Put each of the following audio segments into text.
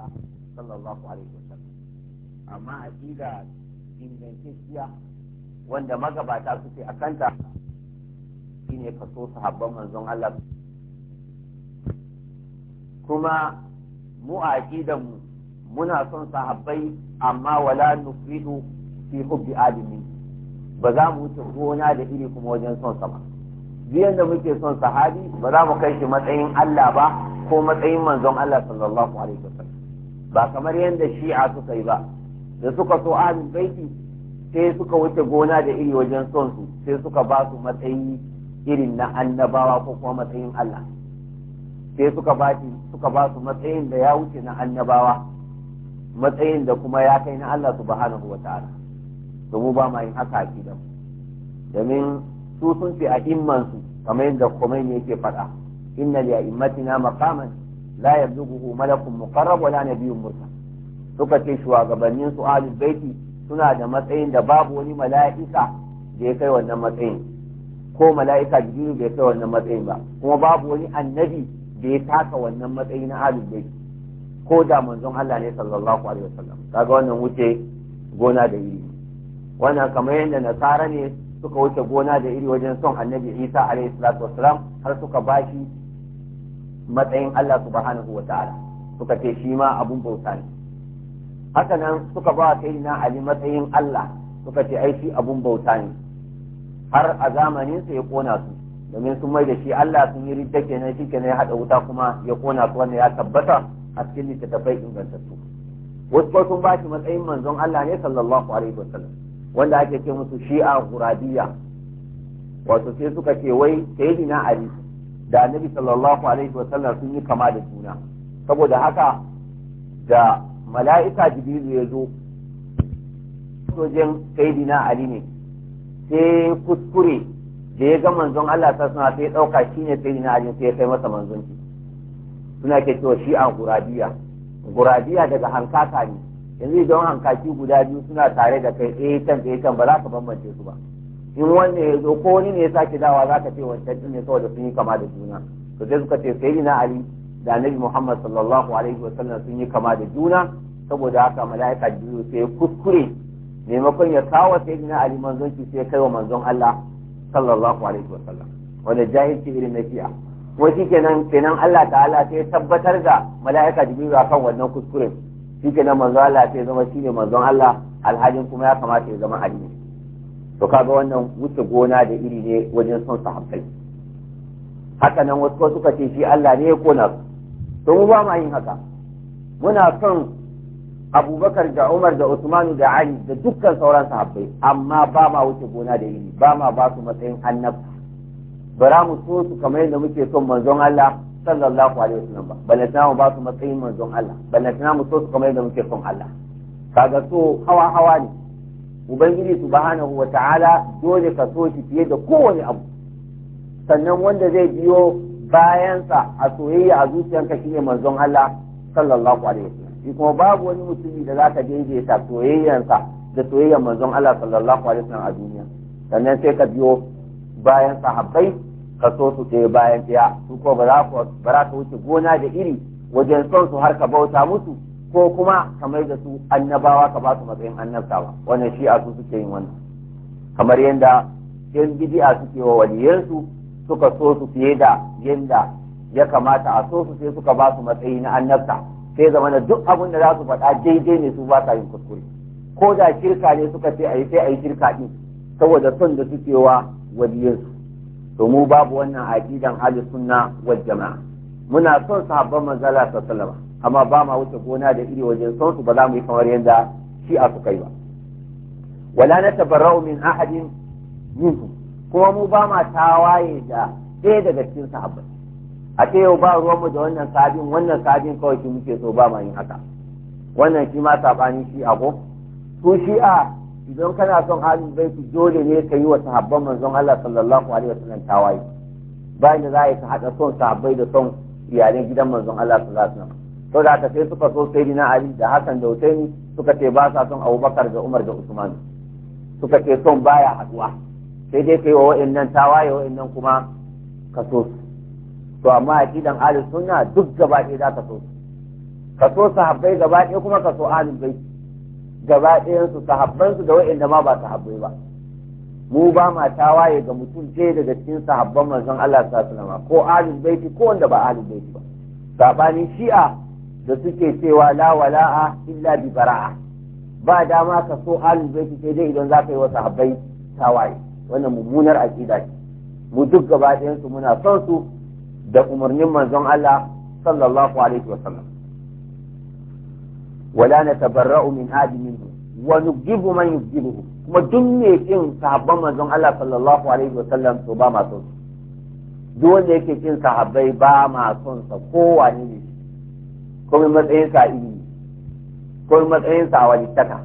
Allah sallallahu alaihi wasallam amma aqida ingantacciya wanda magabata suke a kanta shine kaso sahabban manzon Allah kuma mu a mu muna son sahabbai amma wala nufridu fi hubbi alimi ba za mu wuce gona da iri kuma wajen son sa ba biyan da muke son sahabi ba za mu kai shi matsayin Allah ba ko matsayin manzon Allah sallallahu alaihi wasallam ba kamar yadda shi'a suka yi ba da suka so ahlul baiti sai suka wuce gona da iri wajen son su sai suka ba su matsayi irin na annabawa ko kuma matsayin Allah sai suka ba suka ba su matsayin da ya wuce na annabawa matsayin da kuma ya kai na Allah subhanahu wa ta'ala domin ba ma yin haka a gidan domin su sun fi a immansu kamar yadda ne yake faɗa inna li a'immatina maqaman la yabzuhu malakun muqarrab wala nabiyyun mursal suka ce shugabannin su ahlul baiti suna da matsayin da babu wani mala'ika da ya kai wannan matsayin ko mala'ika jibril bai kai wannan matsayin ba kuma babu wani annabi da ya taka wannan matsayi na ahlul baiti ko da manzon Allah ne sallallahu alaihi wasallam kaga wannan wuce gona da iri wannan kamar yadda nasara ne suka wuce gona da iri wajen son annabi Isa alaihi salatu wasalam har suka bashi matsayin Allah subhanahu wa ta'ala suka ce shi ma abun bauta ne haka nan suka ba kai na Ali matsayin Allah suka ce ai shi abun bauta ne har a zamanin sa ya kona su domin sun mai da shi Allah sun yi ridda kenan shi kenan ya hada wuta kuma ya kona su wanda ya tabbata a cikin littattafai ingantattu wasu sun ba shi matsayin manzon Allah ne sallallahu alaihi wasallam wanda ake ce musu shi'a guradiya wato sai suka ce wai sayyidina Ali da annabi sallallahu alaihi wa sallam sun yi kama da juna saboda haka da mala'ika jibrilu ya zo sojin saidina ali ne sai kuskure da ya ga manzon Allah ta suna sai ɗauka shi ne saidina ali sai ya kai masa manzonci suna ke cewa shi an gurabiya gurabiya daga hankaka ne yanzu idan hankaki guda biyu suna tare da kai ɗaya eh, can ɗaya eh, can ba za ka bambance su ba in wanne ya zo ko wani ne ya sake dawa za ka ce wancan din ne saboda sun yi kama da juna to sai suka ce sai na ali da nabi muhammad sallallahu alaihi wa sallam sun yi kama da juna saboda haka mala'ika biyu sai kuskure maimakon ya kawo sai na ali manzonci sai kai wa manzon allah sallallahu alaihi wa sallam wanda jahilci irin na fiya shi kenan kenan Allah ta'ala sai tabbatar da mala'ika jibril kan wannan kuskuren kenan manzon Allah sai zama shine manzon Allah alhajin kuma ya kamata ya zama alimi to kaga wannan wuce gona da iri ne wajen son hankali haka nan wasu suka ce shi Allah ne ya kona su to mu ba ma yin haka muna son abubakar da umar da usmanu da ali da dukkan sauran sahabbai amma ba ma wuce gona da iri ba ma ba su matsayin annabi bara mu so su kamar yadda muke son manzon Allah sallallahu alaihi wasallam ba balantana mu ba su matsayin manzon Allah balantana mu so su kamar yadda muke son Allah kaga so hawa hawa ne ubangiji subhanahu wa ta'ala dole ka so shi fiye da kowane abu sannan wanda zai biyo bayansa a soyayya a zuciyanka shine manzon Allah sallallahu alaihi wasallam shi kuma babu wani mutumi da zaka daidaita soyayyansa da soyayyan manzon Allah sallallahu alaihi wasallam a duniya sannan sai ka biyo bayan sahabbai ka so su ɗaya bayan ɗaya su ko ba za ka wuce gona da iri wajen son su har ka bauta musu ko kuma kamar da su annabawa ka ba su matsayin annabtawa wannan shi a su suke yin wannan kamar yadda yan bidi'a suke wa waliyansu suka so su fiye da yadda ya kamata a so su sai suka ba su matsayi na annabta sai zama da duk abin da za su faɗa daidai ne su ba sa yin kuskure ko da shirka ne suka ce a yi sai a yi shirka ɗin saboda son da suke wa waliyansu to mu babu wannan aqidan ahlus sunna wal jama'a muna son sahabban manzala sallallahu alaihi wasallam amma ba ma wuce gona da iri wajen sautu ba za mu yi kamar yadda shi a suka yi ba wala na tabarra'u min ahadin minhu kuma mu ba ma tawaye da ɗaya daga cikin sahabbai a ce yau ba ruwanmu da wannan sabin wannan sabin kawai shi muke so ba ma yin haka wannan shi ma sabanin shi a ko su a idan kana son halin baiti dole ne ka yi wa sahabban manzon Allah sallallahu alaihi wasallam tawaye bayan da za ka haɗa son sahabbai da son iyalan gidan manzon Allah sallallahu alaihi wasallam saboda haka sai suka so sai na Ali da Hassan da Husaini suka ce ba sa son Abubakar da Umar da Usman suka ce son baya haduwa sai dai kai wa wa'annan tawaye wa'annan kuma ka so su to amma kidan Ali sunna duk gaba ɗaya za ka so su ka so sahabbai gaba ɗaya kuma ka so Ali bai gaba ɗayan su sahabban su da wa'anda ma ba sahabbai ba mu ba ma tawaye ga mutum ɗaya daga cikin sahabban manzon Allah sallallahu alaihi wasallam ko ahlul bait ko wanda ba ahlul bait ba sabanin shi'a da suke cewa la wala'a illa bi bara'a ba dama ka so ahlul baiti sai dai idan zaka yi wa sahabbai tawaye wannan mummunar aqida ce mu duk gaba ɗayan su muna son su da umarnin manzon Allah sallallahu alaihi wa sallam wala natabarra'u min hadi minhu wa nujibu man yujibuhu kuma duk mai kin sahabban manzon Allah sallallahu alaihi wa sallam to ba ma son su duk wanda yake kin sahabbai ba ma son sa kowa ne komai matsayin sa ilimi komai matsayin sa a walittaka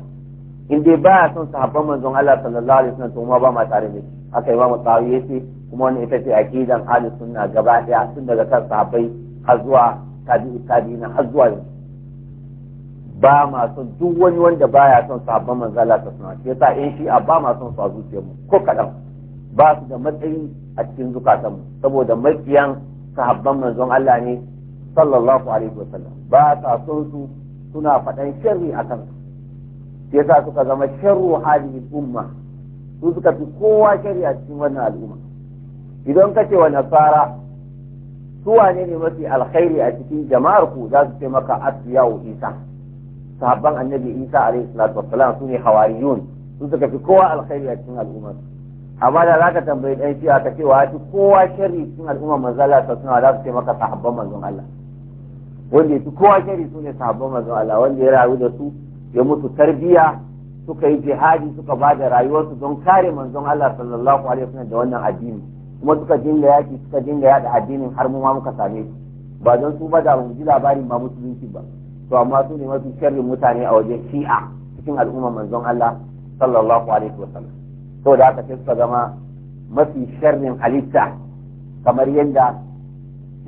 in dai a son sahabban manzon Allah sallallahu alaihi wasallam to ma ba ma tare da shi aka yi ba mu tsawo yace kuma wannan ita ce aqidan ahli sunna gaba daya tun daga kan sahabbai har zuwa tabi'i tabi'ina har zuwa yanzu ba ma son duk wani wanda baya son sahabban manzon Allah sallallahu alaihi wasallam yasa in shi a ba ma son su a mu ko kadan ba su da matsayi a cikin zukatanmu saboda makiyan sahabban manzon Allah ne sallallahu alaihi wasallam ba sa son su suna faɗan sharri a kansu sai yasa suka zama sharru hadhihi umma su suka fi kowa sharri a cikin wannan al'umma idan ka ce wa nasara su wane ne mafi alkhairi a cikin jama'ar ku za su ce maka asiyawu isa sahabban annabi isa alaihi salatu wassalam su ne hawariyun su suka fi kowa alkhairi a cikin al'umma amma da za ka tambayi dan shi aka ce wa kowa sharri cikin al'umma manzo Allah sallallahu za su ce maka sahabban manzon Allah wanda ya fi kowa shari su ne sahabban manzon Allah wanda ya rayu da su ya mutu tarbiya suka yi jihadi suka ba da rayuwarsu don kare manzon Allah sallallahu alaihi wasallam da wannan addini kuma suka dinga yaki suka dinga yada addinin har mu ma muka same su ba don su ba da mu ji labarin ba musulunci ba to amma su ne mafi sharrin mutane a wajen shi'a cikin al'ummar manzon Allah sallallahu alaihi wasallam to da haka sai suka zama mafi sharrin halitta kamar yadda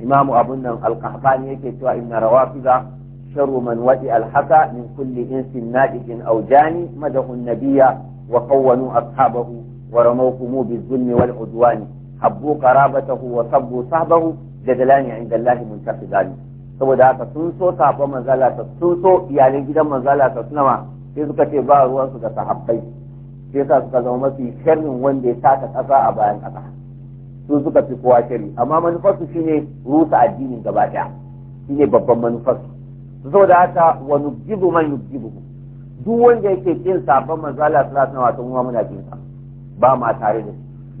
imamu abun nan alqahbani yake cewa inna rawafiza sharu man wadi alhaka min kulli insin nadiqin aw jani madahu nabiyya wa qawwanu ashabahu wa ramawkum bizulmi wal udwani habbu qarabatahu wa sabbu sahbahu jadalani inda allahi muntaqidani saboda haka sun so sabo manzala ta sun so iyalan gidan manzala ta sunama sai suka ce ba ruwansu da sahabbai sai sa suka zama mafi sharrin wanda ya taka ƙasa a bayan ƙasa Sun suka fi kowa shari amma manufarsu shine rusa addinin gaba ɗaya. Shi ne babban manufarsu saboda haka wa nubjibu man nubjibu duk wanda yake kin sabon manzo Allah sallallahu alaihi wasallam kuma muna kin ba ma tare da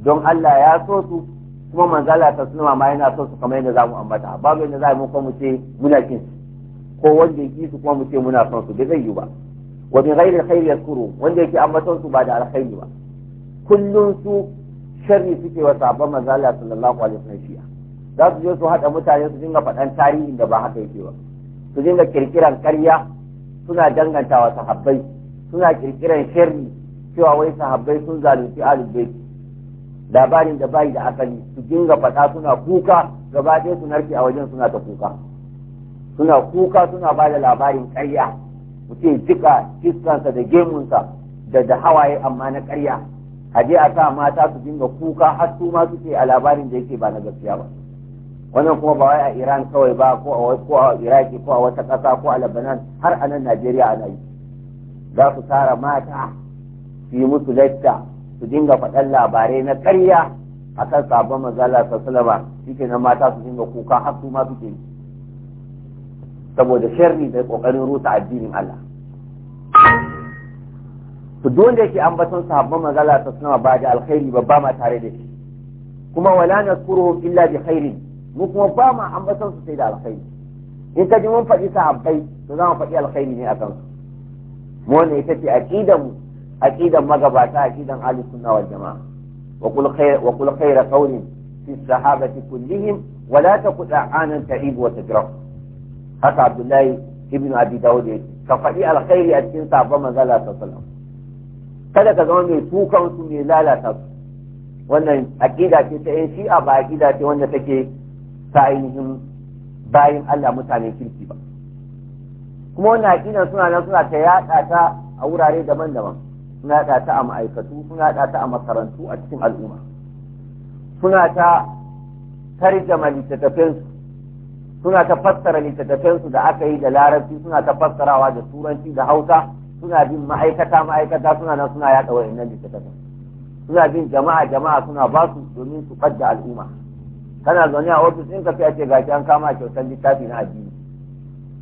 don Allah ya so su kuma manzo Allah ta sunama ma yana so su kamar yadda zamu ambata babu yadda za mu kuma mu ce muna kin ko wanda yake su kuma mu ce muna son su bai zai yi ba wa bi ghairi alkhairi yaskuru wanda yake ambaton su ba da alkhairi ba kullun su sharri suke wa sabon mazala sallallahu alaihi wasallam shi'a za su je su haɗa mutane su dinga faɗan tarihin da ba haka yake ba su dinga kirkiran karya suna wa sahabbai suna kirkiran sharri cewa wai sahabbai sun zalunci alubai labarin da bai da asali su dinga faɗa suna kuka gaba ɗaya su narke a wajen suna ta kuka suna kuka suna ba da labarin karya mutum jika fiskansa da gemunsa da da hawaye amma na karya a je a sa mata su dinga kuka har su ma suke a labarin da yake ba na gaskiya ba wannan kuma ba wai a Iran kawai ba ko a ko a Iraki ko a wata ƙasa ko a Lebanon har a nan Najeriya ana yi za su tara mata su yi musu latta su dinga faɗan labarai na ƙarya akan sabon mazala sallama shike nan mata su dinga kuka har su ma suke yi saboda sharri da ƙoƙarin rusa addinin Allah to dole wanda yake ambaton sahabban magala ta sunama ba da alkhairi babba ma tare da shi kuma wala naskuruhum illa bi khairin mu kuma ba ma ambaton su sai da alkhairi in ka ji mun faɗi sahabbai to za mu faɗi alkhairi ne akan su mu wannan ita ce aqidan aqidan magabata aqidan ahli sunna wal jamaa wa qul khair wa qul khaira qawlin fi sahabati kullihim wa la taqul anan ta'ib wa tajra haka abdullahi ibn abi dawud ka faɗi alkhairi a cikin sahabban magala ta kada ka zama mai tukansu su mai lalata su wannan aƙida ce ta yan shi'a ba aƙida ce wanda take ta ainihin bayan Allah mutane kirki ba kuma wannan aƙidan suna nan suna ta yaɗa ta a wurare daban-daban suna yaɗa ta a ma'aikatu suna yaɗa ta a makarantu a cikin al'umma suna ta tarjama su suna ta fassara su da aka yi da larabci suna ta fassarawa da turanci da hausa suna bin ma'aikata ma'aikata suna nan suna yaɗa wa'annan littattafan suna bin jama'a jama'a suna ba su domin su fadda al'umma kana zaune a ofis ɗinka sai a ce gashi an kama kyautar littafi na addini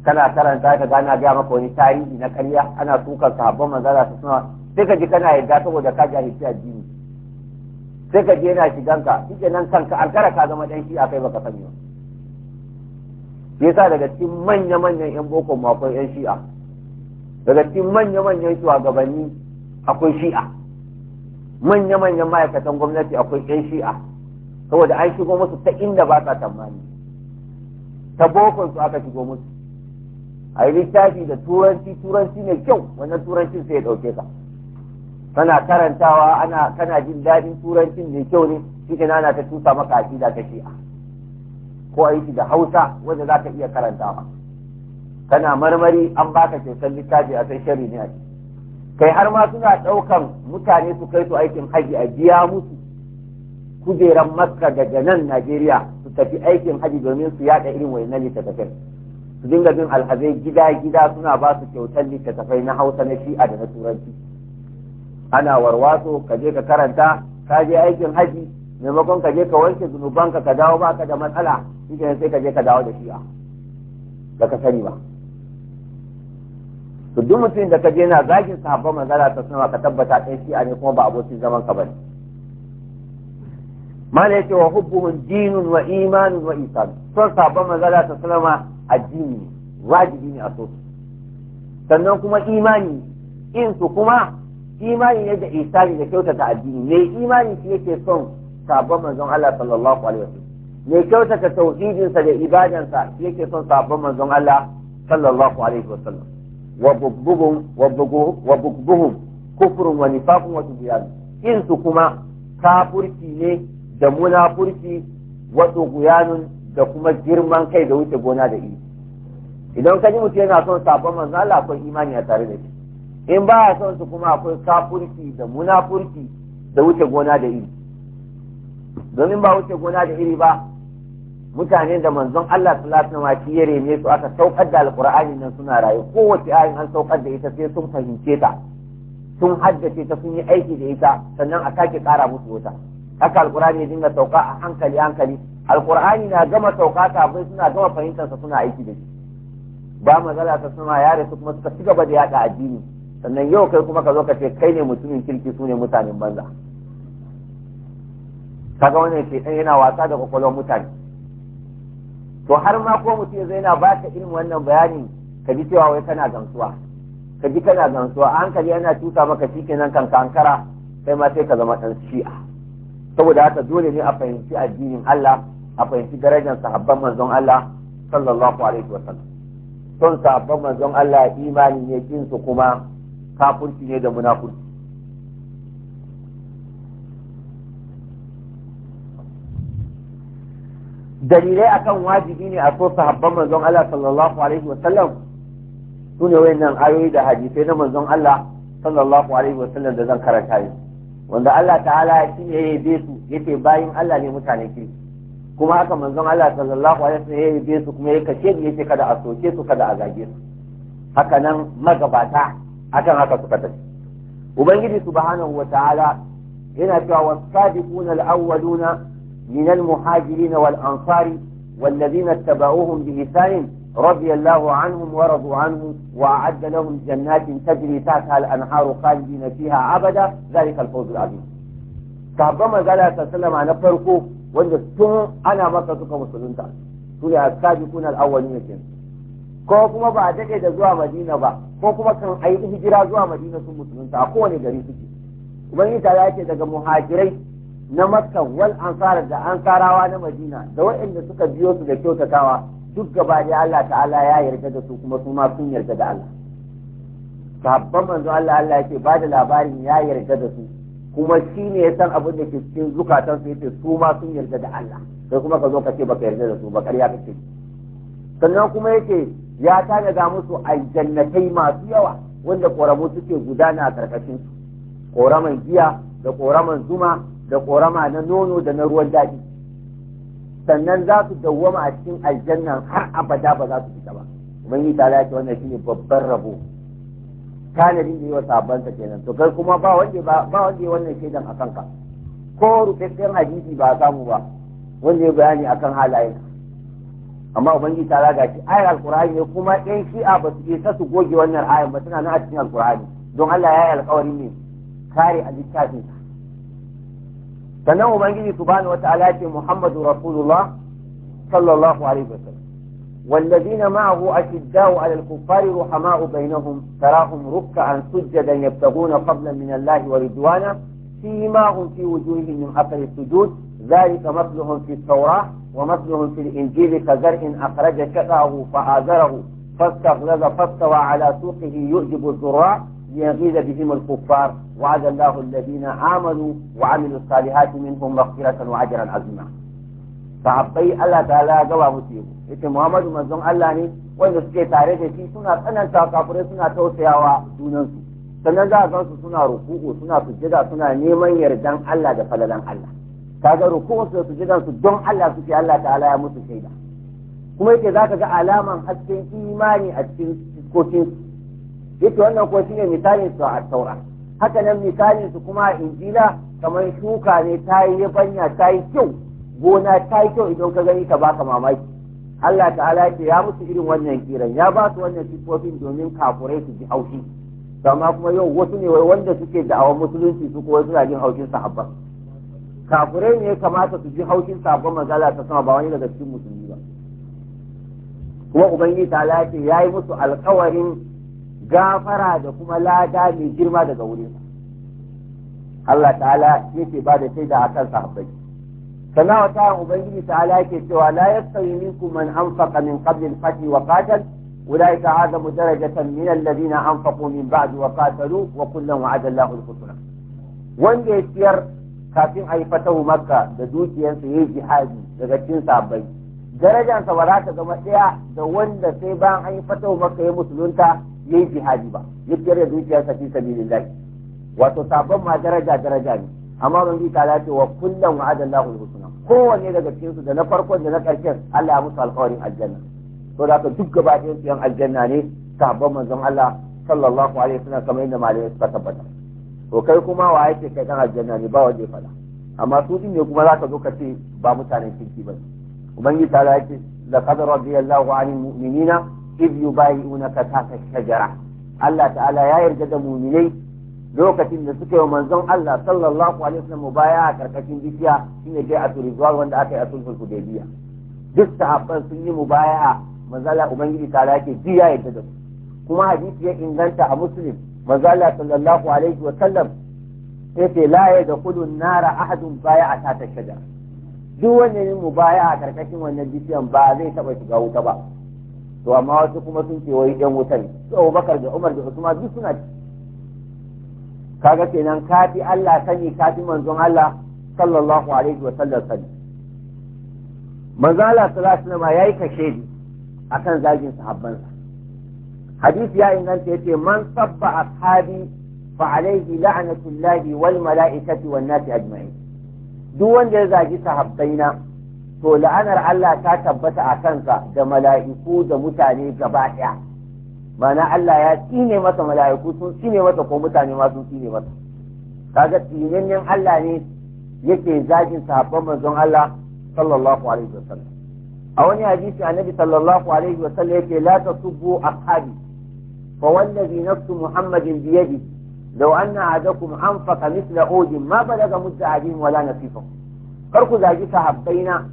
kana karanta ka gana gaya maka wani tarihi na karya ana tukar sahabban manzara su suna sai ka ji kana yadda saboda ka jahilci addini sai ka je yana shiganka shike nan kanka an kara ka zama ɗan shi a kai baka sani ba yasa daga cikin manya-manyan 'yan boko makon 'yan shi'a daga cikin manya-manyan shugabanni akwai shi'a manya-manyan ma'aikatan gwamnati akwai 'yan shi'a saboda an shigo musu ta inda ba sa tsammani ta bokon su aka shigo musu a yi littafi da turanci turanci mai kyau wannan turancin sai ya ɗauke ka kana karantawa ana kana jin daɗin turancin mai kyau ne shi ana ta tusa maka a ta shi'a ko a yi shi da hausa wanda za ka iya karantawa kana marmari an baka kyautar littafi a san shari ne a ciki kai har ma suna ɗaukan mutane su kai su aikin haji a biya musu kujeran makka daga nan najeriya su tafi aikin haji domin su yada irin na littattafai su dinga bin alhazai gida gida suna ba su kyautar littattafai na hausa na shi'a da na turanci ana warwaso ka je ka karanta ka je aikin haji maimakon ka je ka wanke zunubanka ka dawo baka da matsala shi sai ka je ka dawo da shi'a baka sani ba to duk mutumin da ka je na zagin sahabban manzala ta sunama ka tabbata ɗan shi'a ne kuma ba abokin zaman ka bane mala yace wa hubbuhum dinun wa imanun wa isan son sahabban manzala ta sunama addini wajibi ne a so sannan kuma imani in su kuma imani ne da isani da kyautata addini mai imani shi yake son sabon manzon Allah sallallahu alaihi wasallam mai kyautata tauhidinsa da ibadansa shi yake son sabon manzon Allah sallallahu alaihi wasallam wa bugbuhum wani wa wasu wa in su kuma kafurki ne da munafurci wasu tughyanun da kuma girman kai da wuce gona da iri. idan ka ji mutum yana son sabon manzo Allah imani a tare da shi in ba a son su kuma akwai kafurki da munafurki da wuce gona da iri domin ba wuce gona da iri ba mutane da manzon Allah sallallahu alaihi ya reme su aka saukar da alqur'ani nan suna rayu kowace ayin an saukar da ita sai sun fahimce ta sun haddace ta sun yi aiki da ita sannan a sake kara musu wuta haka alqur'ani ya dinga sauka a hankali hankali alqur'ani na gama sauka kafin suna gama fahimtar sa suna aiki da shi ba magana ta suna yare su kuma suka ci gaba da yada addini sannan yau kai kuma ka zo ka ce kai ne mutumin kirki su ne mutanen banza kaga wannan ke yana wasa da kwakwalwar mutane to har ma ko mutum zai na ba ka irin wannan bayanin ka ji cewa wai kana gamsuwa ka ji kana gamsuwa a hankali yana tuka maka shi kenan kan kankara kai ma sai ka zama ɗan shi'a saboda haka dole ne a fahimci addinin Allah a fahimci darajar sahabban manzon Allah sallallahu alaihi wa sallam son sahabban manzon Allah imani ne kin kuma kafirci ne da munafurci dalilai akan wajibi ne a so sahabban manzon Allah sallallahu alaihi wasallam su ne wayannan ayoyi da hadisai na manzon Allah sallallahu alaihi wasallam da zan karanta yi wanda Allah ta'ala shi ne ya yi su yace bayin Allah ne mutane kiri. kuma haka manzon Allah sallallahu alaihi wasallam ya yi su kuma ya kace ni yake kada a soke su kada a zage su haka nan magabata akan haka suka tafi ubangiji subhanahu wa ta'ala yana cewa was-sabiquna al-awwaluna من المهاجرين والأنصار والذين اتبعوهم بلسان رضي الله عنهم ورضوا عنه وأعد لهم جنات تجري تحتها الأنهار خالدين فيها أبدا ذلك الفوز العظيم كابما قال تسلم على فرقه وان تم انا ما تسوك مسلم تعالى تقول يا أستاذ يكون الأولين كم كوكما بعد جيدة زوا مدينة با كوكما كان أي هجرة زوا مدينة سمسلم تعالى قوة نجري سكي ومن يتعالى يتعالى مهاجرين na makka wal ansar da ansarawa na madina da waɗanda suka biyo su da kyautatawa duk gaba da Allah ta'ala ya yarda da su kuma su ma sun yarda da Allah sabban manzo Allah Allah yake ba da labarin ya yarda da su kuma shi ne ya san abin da ke cikin zukatan su yace su ma sun yarda da Allah sai kuma ka zo ka ce baka yarda da su ba ƙarya kake sannan kuma yake ya tanada musu aljannatai masu yawa wanda ƙoramu suke gudana a ƙarƙashin su ƙoraman giya da ƙoraman zuma da ƙorama na nono da na ruwan daɗi sannan za su dawwama a cikin aljanna har abada ba za su fita ba ubangiji ta ya yake wannan shine babban rabo tanadin da yi wa ta kenan to kai kuma ba wanda ba wanda wannan shaidan a kanka ko rufaffen hadisi ba samu ba wanda ya bayani akan halayen amma ubangiji ta ga shi ayar alqur'ani ne kuma ɗan shi'a ba su isa su goge wannan ayar ba suna nan a cikin alqur'ani don Allah ya yi alƙawarin ne kare a littafin sannan ubangiji subhanahu wataala ce muhammadu rasulullah sallallahu alaihi wasallam والذين معه أشداء على الكفار رحماء بينهم تراهم ركعا سجدا يبتغون فضلا من الله ورضوانا فيما هم في وجوههم من أثر السجود ذلك مثلهم في التوراة ومثلهم في الإنجيل كزرع أخرج شقه فآزره فاستغلظ فاستوى على سوقه يعجب الزراع ليغيظ بهم الكفار وعد الله الذين آمنوا وعملوا الصالحات منهم مغفرة وعجرا عظيما فعطي الله تعالى جواب سيبو إذن محمد مزون الله ني ونسكي تاريخ في سنة أن أنت كافر سنة توسيا ودون أنسو سنة جاءتان سنة ركوه سنة سجدة سنة نيمن يردان الله جفلدان الله كاجا ركوه سنة سجدة سدون الله سكي الله تعالى يموت الشيدة كما يتذاك جاء علاما حتى إيماني أتكين كوتين yake wannan ko shine misalin su a taura haka nan misalin su kuma a injila kamar shuka ne ta yi yabanya ta yi kyau gona ta yi kyau idan ka gani ka baka mamaki Allah ta'ala ce ya musu irin wannan kiran ya ba su wannan sifofin domin kafurai su ji haushi amma kuma yau wasu ne wanda suke da'awar musulunci su kuma suna jin haushin sahabba kafurai ne kamata su ji haushin sahabban magana ta sama ba wani daga cikin musulmi ba kuma ubangiji ta'ala ce ya yi musu alkawarin gafara da kuma lada mai girma daga wurin Allah ta'ala yake ba da shaida a kan sahabbai sannan wata ubangiji ta'ala yake cewa la yastawi minkum man anfaqa min qabl al-fath wa qatal ulaika a'zamu darajatan min alladhina anfaqu min ba'd wa qatalu wa kullun wa'ada Allahu al-husna wanda ya siyar kafin a yi fatahu makka da dukiyarsa ya yi jihadi daga cikin sahabbai darajansa ba za ta zama ɗaya da wanda sai bayan an yi fatahu makka ya musulunta yayi jihadi ba ya fiyar da zuciyarsa fi sabilillahi wato sabon ma daraja daraja ne amma ban bi ta ce wa kullum wa'ada Allahu husna kowanne daga cikin su da na farkon da na karshen Allah ya musu alƙawarin aljanna to da ka duk gaba ɗayan su yan aljanna ne sabon manzon Allah sallallahu alaihi wasallam kamar yadda malamai suka tabbata to kai kuma wa yake kai kan aljanna ne ba wanda ya faɗa amma su din ne kuma za ka zo ka ce ba mutanen kirki ba ubangiji ta ce laqad radiyallahu anil mu'minina iz yubayi'unaka tahta shajara Allah ta'ala ya yarda da mu'minai lokacin da suka yi manzon Allah sallallahu alaihi wasallam baya a karkashin bishiya shine dai a turizwar wanda aka yi a sulhul hudaybiya duk sahabban sun yi mubaya manzala ubangiji ta yake ji ya da kuma hadisi ya inganta a muslim manzala sallallahu alaihi wasallam sai ce la ya dakulu nara ahadun a ta tashada duk wanda mubaya a karkashin wannan bishiyan ba zai taba shiga wuta ba to amma wasu kuma sun ce wai yan wuta ne su abubakar da umar da usman duk suna ci kaga kenan ka fi Allah sani ka fi manzon Allah sallallahu alaihi wa sallam sani manzon Allah sallallahu alaihi ya yi kashe ni akan zagin sahabbansa hadisi ya inganta yace man sabba ashabi fa alaihi la'natullahi wal mala'ikati wan nasi ajma'in duk wanda ya zagi sahabbaina to la'anar Allah ta tabbata a kanka da mala'iku da mutane gaba ɗaya mana Allah ya tsine masa mala'iku sun tsine masa ko mutane ma sun tsine masa kaga tsinannen Allah ne yake zagin sahabban manzon Allah sallallahu alaihi wasallam a wani hadisi annabi sallallahu alaihi wasallam yake la tasubbu ashabi fa wallazi nafsu muhammadin bi yadi law anna ahadakum anfaqa mithla uhud ma balaga mudda ahadin wala nasifa kar ku zagi sahabbaina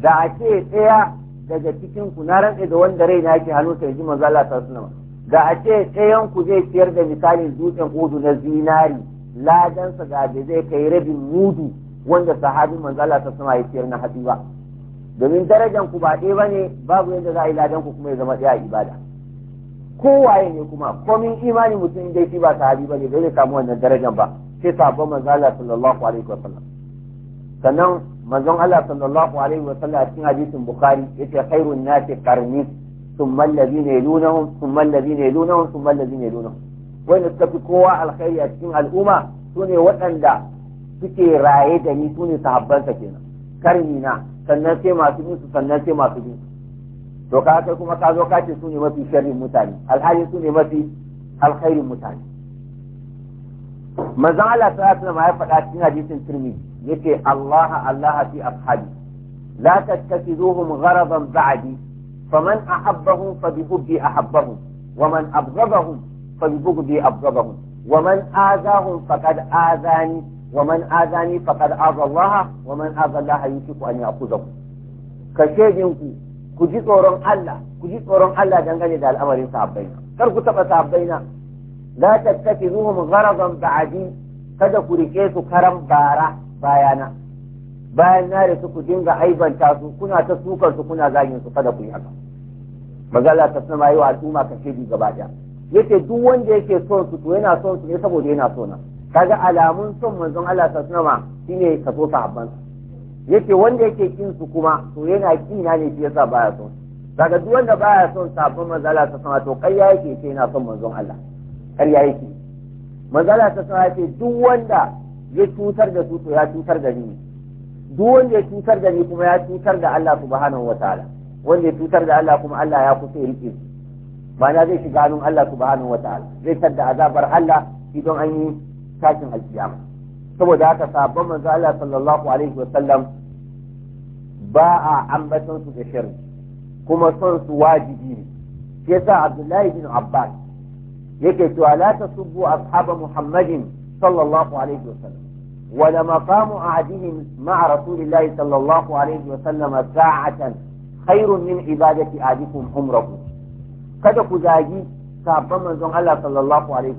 da a ce ɗaya daga cikin ku na rantse da wanda rai na yake hannu sai ji manzo Allah sallallahu da a ce ku zai ciyar da misalin dutsen udu na zinari ladansa ga da zai kai rabin mudu wanda sahabi manzo Allah sallallahu ya fiyar na hatsi ba domin darajan ku ba ba bane babu yadda za a yi ladan ku kuma ya zama a ibada kowaye ne kuma komin imani mutum dai shi ba sahabi bane bai samu wannan darajan ba sai sabon manzo Allah sallallahu alaihi wasallam sannan manzon Allah sallallahu alaihi wa sallam a cikin hadisin bukhari yace khairun nasi qarni thumma alladhina yalunhum thumma alladhina yalunhum thumma alladhina yalunhum wanda suka fi kowa alkhairi a cikin al'umma sune waɗanda suke raye da ni sune sahabbansa kenan karni na sannan sai masu bin su sannan sai masu bin to ka kai kuma ka zo ka ce sune mafi sharrin mutane alhali sune mafi alkhairin mutane manzon Allah sallallahu alaihi wa sallam ya faɗa cikin hadisin tirmidhi yace Allah Allah fi ashabi la tattakhiduhum gharadan ba'di faman ahabbahum fa bi hubbi ahabbahum wa man abghadahum fa bi bughdi abghadahum wa man azahum faqad azani wa man azani faqad aza Allah wa man aza Allah yusiku an ya'khudhakum kashejin ku ku ji tsoron Allah ku ji tsoron Allah dangane da al'amarin sahabbai kar ku taba sahabbai na la tattakhiduhum gharadan ba'di kada ku rike su karan bara bayana bayan na rasu ku dinga aibanta su kuna ta sukar su kuna zagin su kada ku yi haka magana ta sama mai wa al'umma ka shedi gaba daya yace duk wanda yake son su to yana son su ne saboda yana son na kaga alamun son manzon Allah ta sanama shine ka so sahabban yace wanda yake kin su kuma to yana kina ne shi yasa baya son kaga duk wanda baya son sahabban manzon Allah ta sanama to kai yake ke yana son manzon Allah kai yake manzon Allah ta sanar yace duk wanda ya cutar da su to ya cutar da ni duk wanda ya cutar da ni kuma ya cutar da Allah subhanahu wataala wanda ya cutar da Allah kuma Allah ya kusa ya rike ma'ana zai shiga hannun Allah subhanahu wataala zai tadda azabar Allah idan an yi tashin alkiyama saboda haka sabon manzo Allah sallallahu alaihi wasallam ba a ambaton su da shirri kuma son su wajibi ne shi yasa Abdullahi bin Abbas yake cewa la tasubbu ashaba Muhammadin sallallahu alaihi wasallam ولمقام أحدهم مع رسول الله صلى الله عليه وسلم ساعة خير من عبادة أحدكم عمره kada ku zagi sabon manzon Allah sallallahu alaihi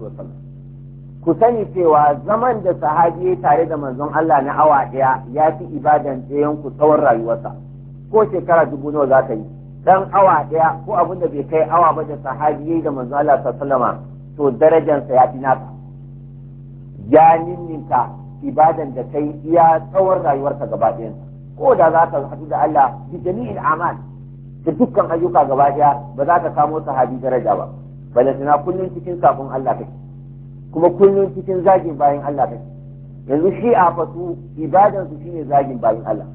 ku sani cewa zaman da sahabi ya tare da manzon Allah na awa daya ya fi ibadan da ku tsawon rayuwarsa ko shekara dubu nawa za ka yi dan awa daya ko abin da bai kai awa ba da sahabi yi da manzon Allah sallallahu alaihi wasallam to darajarsa ya fi naka ya ninninka ibadan da kai iya tsawon rayuwarka gaba ɗayan ko da za ka haɗu da Allah bi jami'in amal da dukkan ayyuka gaba ɗaya ba za ka kamo sahabi daraja ba balantana kullum cikin kafin Allah kake kuma kullum cikin zagin bayan Allah kake yanzu shi a fasu ibadan su shine zagin bayan Allah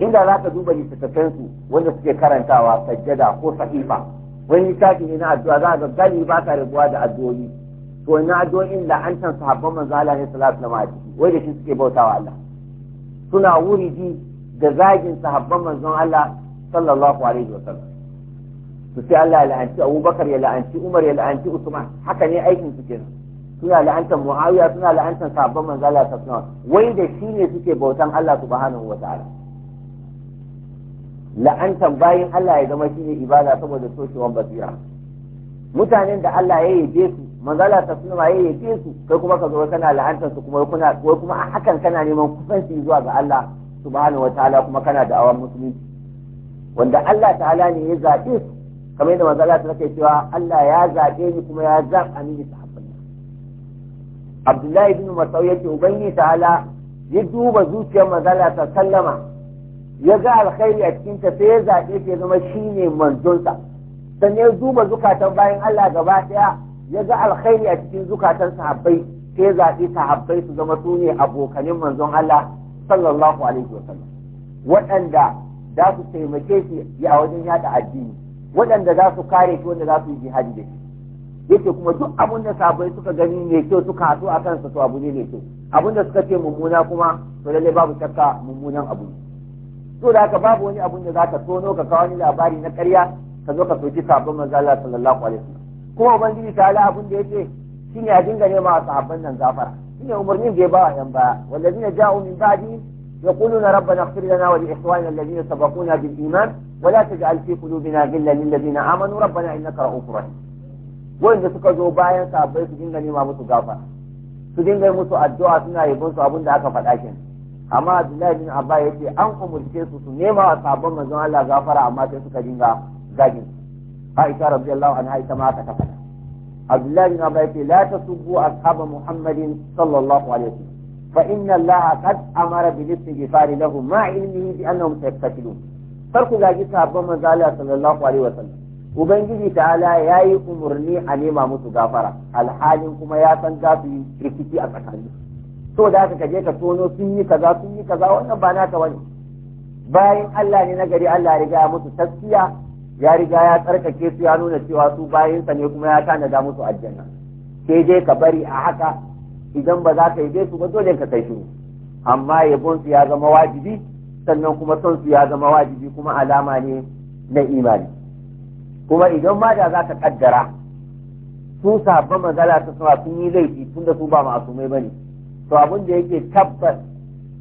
inda za ka duba littattafan su wanda suke karantawa sajjada ko sahifa wani littafi ne na addu'a za ka gani ba ka rabuwa da addu'o'i to na in da an can sahabban manzo Allah ne sallallahu alaihi wasallam wai da shi suke bautawa Allah suna da zagin sahabban manzon Allah sallallahu alaihi wasallam sai Allah ya la'anci Abubakar ya la'anci Umar ya la'anci Usman haka ne aikin su kenan suna la'antar Muawiya suna la'antar sahabban manzo Allah sallallahu alaihi wasallam wai da shi ne suke bautan Allah subhanahu wataala la'antar bayin Allah ya zama shine ibada saboda toshewan basira mutanen da Allah ya yi su manzala ta suna waye ya ce su kai kuma ka zo kana la'antar su kuma kuna wai kuma a hakan kana neman kusanci zuwa ga Allah subhanahu wataala kuma kana da awan musulunci wanda Allah ta'ala ne ya zaɓe su kamar yadda manzala ta take cewa Allah ya zaɓe ni kuma ya zaɓa ta sahabbai Abdullahi bin Mas'ud yake ubangi ta'ala ya duba zuciyar manzala ta sallama ya ga alkhairi a cikin ta sai ya zaɓe ta zama shine manzonsa sannan ya duba zukatan bayan Allah gaba ɗaya ya ga alkhairi a cikin zukatan sahabbai sai ya zaɓi sahabbai su zama su ne abokanin manzon Allah sallallahu alaihi wa sallam waɗanda za su taimake shi a wajen yada addini waɗanda za su kare shi wanda za su yi jihadi da shi yake kuma duk abin da sahabbai suka gani ne kyau suka haɗu a kansa to abu ne ne kyau abin da suka ce mummuna kuma to lallai babu shakka mummunan abu to da haka babu wani abun da za ka tono ka kawo wani labari na ƙarya ka zo ka soki sabon manzo Allah sallallahu alaihi wa sallam kuma ubangiji ta ala abin da yake shine a dinga nema sahabban nan gafara shine umarnin da ya ba wa yan baya wallazina ja'u min ba'di يقولون ربنا اغفر لنا ولإخواننا الذين سبقونا بالإيمان ولا تجعل في قلوبنا غلا للذين na ربنا إنك رؤوف رحيم wanda suka zo bayan sabai su dinga nema musu gafa su dinga musu addu'a suna yabon su abin da aka faɗa kin amma Abdullahi bin Abba yace an umurce su su nema wa sabon manzon Allah gafara amma sai suka dinga zagin Aisha radiyallahu anha ita ma aka abdullahi bin abai ce la tasubbu ashaba muhammadin sallallahu alaihi wasallam fa inna allaha qad amara bil istighfar lahu ma ilmihi bi annahum sayaqtilun farko ga ji sabon manzo Allah sallallahu alaihi wasallam ubangiji ta'ala yayi umurni a nema musu gafara alhalin kuma ya san za su yi rikici a tsakani so ka je ka tono sun yi kaza sun yi kaza wannan ba naka wani. bayan Allah ne na gari Allah ya riga musu taskiya ya riga ya tsarkake su ya nuna cewa su bayinsa ne kuma ya tanada musu aljanna ke dai ka bari a haka idan ba za ka yi su ba dole ka kai shiru amma yabon su ya zama wajibi sannan kuma son su ya zama wajibi kuma alama ne na imani kuma idan ma da za ka kaddara su sabba magana ta sama sun yi laifi tun da su ba ma'asumai ba ne to abin da yake tabbas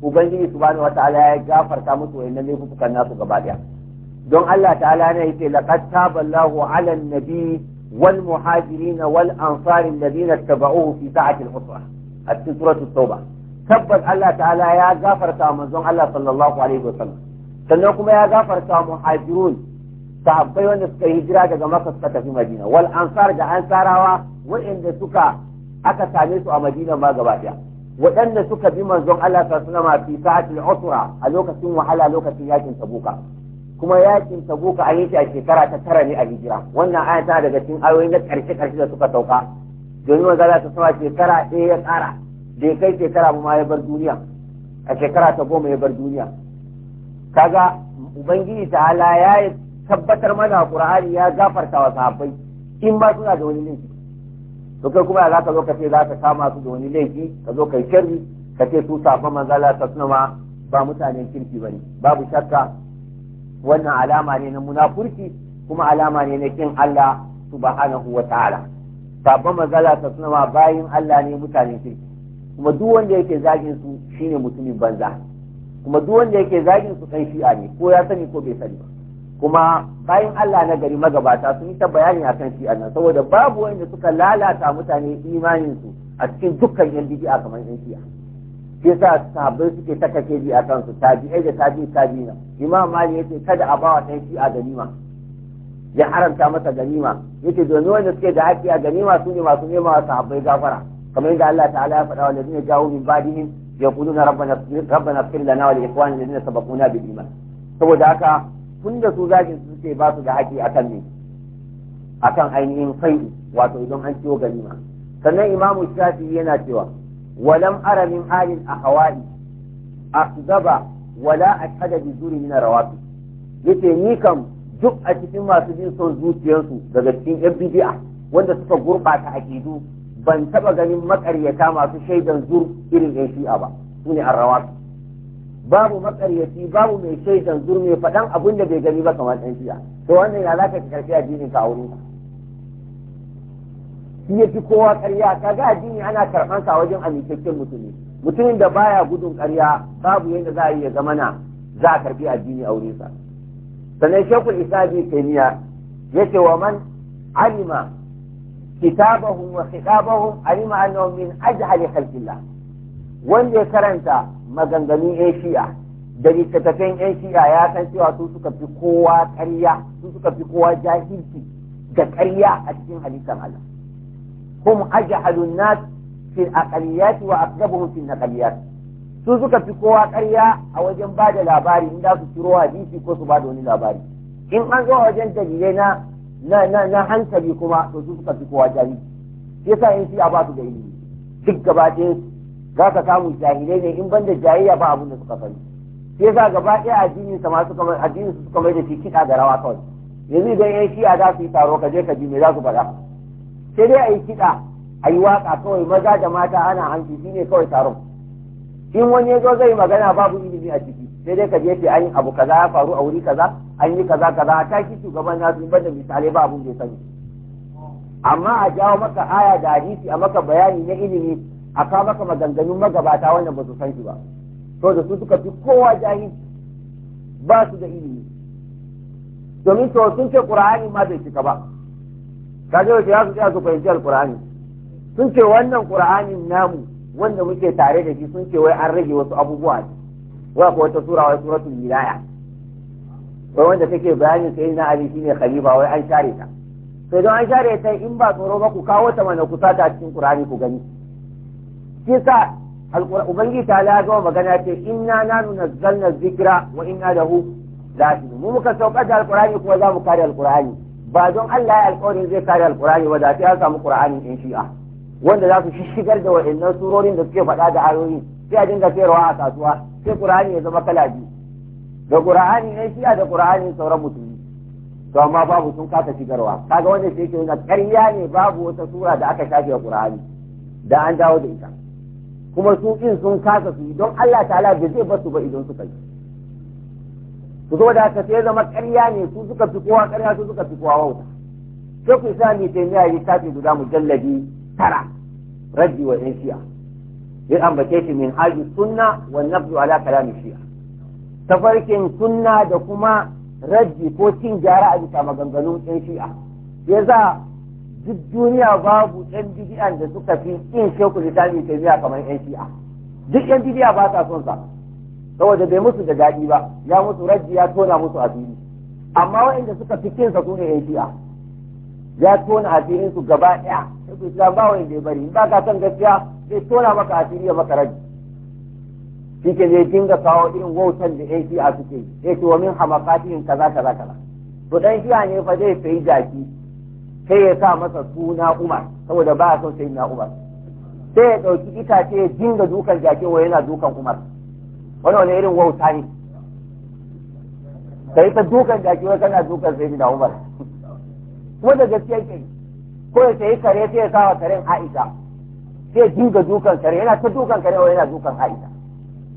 ubangiji subhanahu wataala ya gafarta musu wayannan laifukan nasu gaba daya don Allah ta'ala ne yake laqad taballahu 'ala an-nabi wal muhajirin wal ansar alladhina tabauhu fi sa'ati al-usra a cikin suratul tauba tabbas Allah ta'ala ya gafarta manzon Allah sallallahu alaihi wasallam sannan kuma ya gafarta muhajirun sahabbai wanda suka hijira daga Makka suka tafi Madina wal ansar da ansarawa waɗanda suka aka same su a Madina ma gaba ɗaya waɗanda suka bi manzon Allah sallallahu alaihi wasallam fi sa'atil usra a lokacin wahala lokacin yakin tabuka kuma yakin tabuka an yi shi a shekara ta tara ne a hijira wannan aya ta daga cikin ayoyi na karshe karshe da suka sauka domin maza za ta sama shekara ɗaya ya tsara bai kai shekara ma ya bar duniya a shekara ta goma ya bar duniya kaga ubangiji ta ala ya tabbatar mana a qur'ani ya gafarta wa sahabbai in ba suna da wani laifi to kai kuma za ka zo ka ce za ka kama su da wani laifi ka zo kai sharri ka ce su safa manzala ta suna ma ba mutanen kirki bane babu shakka wannan alama ne na munafurci kuma alama ne na kin Allah subhanahu wa ta'ala sabon mazala ta suna bayin Allah ne mutane kirki kuma duk wanda yake zagin su shine mutumin banza kuma duk wanda yake zagin su kan shi'a ne ko ya sani ko bai sani ba kuma bayan Allah na gari magabata sun yi ta bayani akan shi'a nan saboda babu wanda suka lalata mutane imanin su a cikin dukkan yan a kamar yan shi'a ke sa sabbin suke ta kake a kansu ai da tabi na imam mali yace kada a bawa ɗan a ganima ya haramta masa ganima yace domin wanda suke da haƙƙi a ganima su ne masu nema wa sahabbai gafara kamar yadda Allah ta'ala ya faɗa wa ladina jawo min badihim yaquluna rabbana rabbana ighfir lana wa li ikhwanina alladhina sabaquna bil iman saboda haka tun da su zagin su suke ba su da haƙƙi akan ne akan ainihin kai wato idan an ciwo ganima sannan imamu shafi yana cewa ولم أر من آل الأهواء أكذب ولا أشهد بزور من الروابط yace ni kam duk a cikin masu jin son zuciyarsu daga cikin yan bidi'a wanda suka gurɓata akidu ban taɓa ganin maƙaryata masu shaidan zur irin yan shi'a ba su ne babu maƙaryaci babu mai shaidan zur mai faɗan abin da bai gani ba kamar ɗan shi'a to wannan ya zaka ka karfi addinin ka a wurinka shi ya fi kowa ƙarya kaga addini ana karɓan sa wajen amintaccen mutumi mutumin da baya gudun ƙarya babu yadda za a yi ya zamana za a karbi addini a wurinsa sannan shekul isa bi taimiya ya ce wa man alima kitabahum wa khitabahum alima annahum min ajhali khalqillah wanda ya karanta maganganun yan shi'a da littattafan yan shi'a ya san cewa su suka fi kowa ƙarya su suka fi kowa jahilci da ƙarya a cikin halittar Allah hum ajhalun nas fil aqaliyati wa aqdabuhum fil naqaliyat su suka fi kowa ƙarya a wajen ba labari in za su ciro hadisi ko su ba wani labari in an zo wajen dalilai na na na hankali kuma to su suka fi kowa jari shi yasa in shi a ba su da ilimi duk gaba za ka samu jahilai ne in ban da jahiliya ba abin suka sani shi yasa gaba ɗaya addinin sa suka addinin su suka mai da shi kiɗa da rawa kawai yanzu idan yan shi'a za su yi taro ka je ka ji me za su faɗa sai dai a yi kiɗa a yi waƙa kawai maza da mata ana hanci shi ne kawai taron in wani ya zo zai magana babu ilimi a ciki sai dai ka je ce an yi abu kaza ya faru a wuri kaza an yi kaza kaza a taki shugaban na sun banda misalai ba abun bai sani amma a jawo maka aya da hadisi a maka bayani na ilimi a kawo maka maganganun magabata wannan ba su san shi ba to da su suka fi kowa jahil ba su da ilimi domin to sun ce qur'ani ma bai cika ba ka wace ya su tsaya su fahimci alqur'ani sun ce wannan qur'anin namu wanda muke tare da shi sun ce wai an rage wasu abubuwa ne wai akwai wata sura wai suratul wai wanda take bayani sai na ali shine khalifa wai an share ta sai don an share ta in ba tsoro ba ku kawo ta mana ku sata cikin qur'ani ku gani kisa ubangiji ta la ga magana ce inna nanu nazzalna zikra wa inna lahu lahafizun mu muka saukar da alqur'ani kuma za mu kare alqur'ani ba don Allah ya alƙawarin zai kare alƙur'ani ba da ya samu ƙur'ani in shi'a wanda za su shigar da wa'annan surorin da suke faɗa da ayoyi sai a dinga sayarwa a kasuwa sai ƙur'ani ya zama kala biyu da ƙur'ani na shi'a da ƙur'ani sauran musulmi to amma babu sun kasa shigarwa kaga wanda sai yake nuna ƙarya ne babu wata sura da aka shafe ƙur'ani da an dawo da ita kuma su in sun kasa su don Allah ta'ala bai zai basu ba idan suka yi ku zo da haka sai zama ƙarya ne su suka fi kowa ƙarya su suka fi kowa wauta sai ku sa ni sai ya yi tafi guda mujalladi tara raddi wa yan shi'a ya ambace shi min haji sunna wa nafsu ala kalamin shi'a tafarkin sunna da kuma raddi ko cin gyara a bisa maganganun yan shi'a ya za duk duniya babu yan bidiyan da suka fi yin shekul islami kamar yan shi'a duk yan bidiya ba sa son sa saboda bai musu da daɗi ba ya musu rajji ya tona musu asiri amma waɗanda suka fi kinsa su ne yan shi'a ya tona asirin su gaba ɗaya sai ku ba wani ya bari ba ka san gaskiya zai tona maka asiri ya maka rajji shi ke zai dinga kawo irin wautan da yan shi'a suke ya ce wa min hamakatihin kaza kaza kaza to ɗan shi'a ne fa zai sayi jaki sai ya sa masa suna umar saboda ba a son sai na umar sai ya ɗauki itace ya dinga dukan jaki wa yana dukan umar wani wani irin wauta ne ka yi ta dukan jaki wai kana dukan sai da umar kuma da gaskiya ke ko ya sai kare sai ya kawo karen aisha sai ya dinga dukan kare yana ta dukan kare wai yana dukan aisha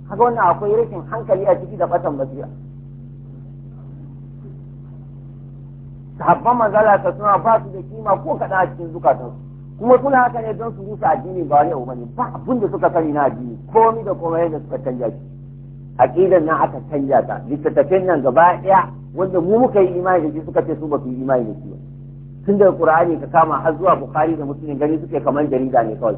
kaga wannan akwai rashin hankali a ciki da fatan basira sahabban manzala ta suna ba su da kima ko kaɗan a cikin zukatansu kuma suna haka ne don su rusa addini ba wani abu ba abin da suka sani na addini komai da komai da suka canja shi aqidan nan aka canja ta littattafin nan gaba daya wanda mu muka yi imani da shi suka ce su ba su yi imani da shi ba tun daga qur'ani ka kama har zuwa bukhari da muslim gani suke kamar jarida ne kawai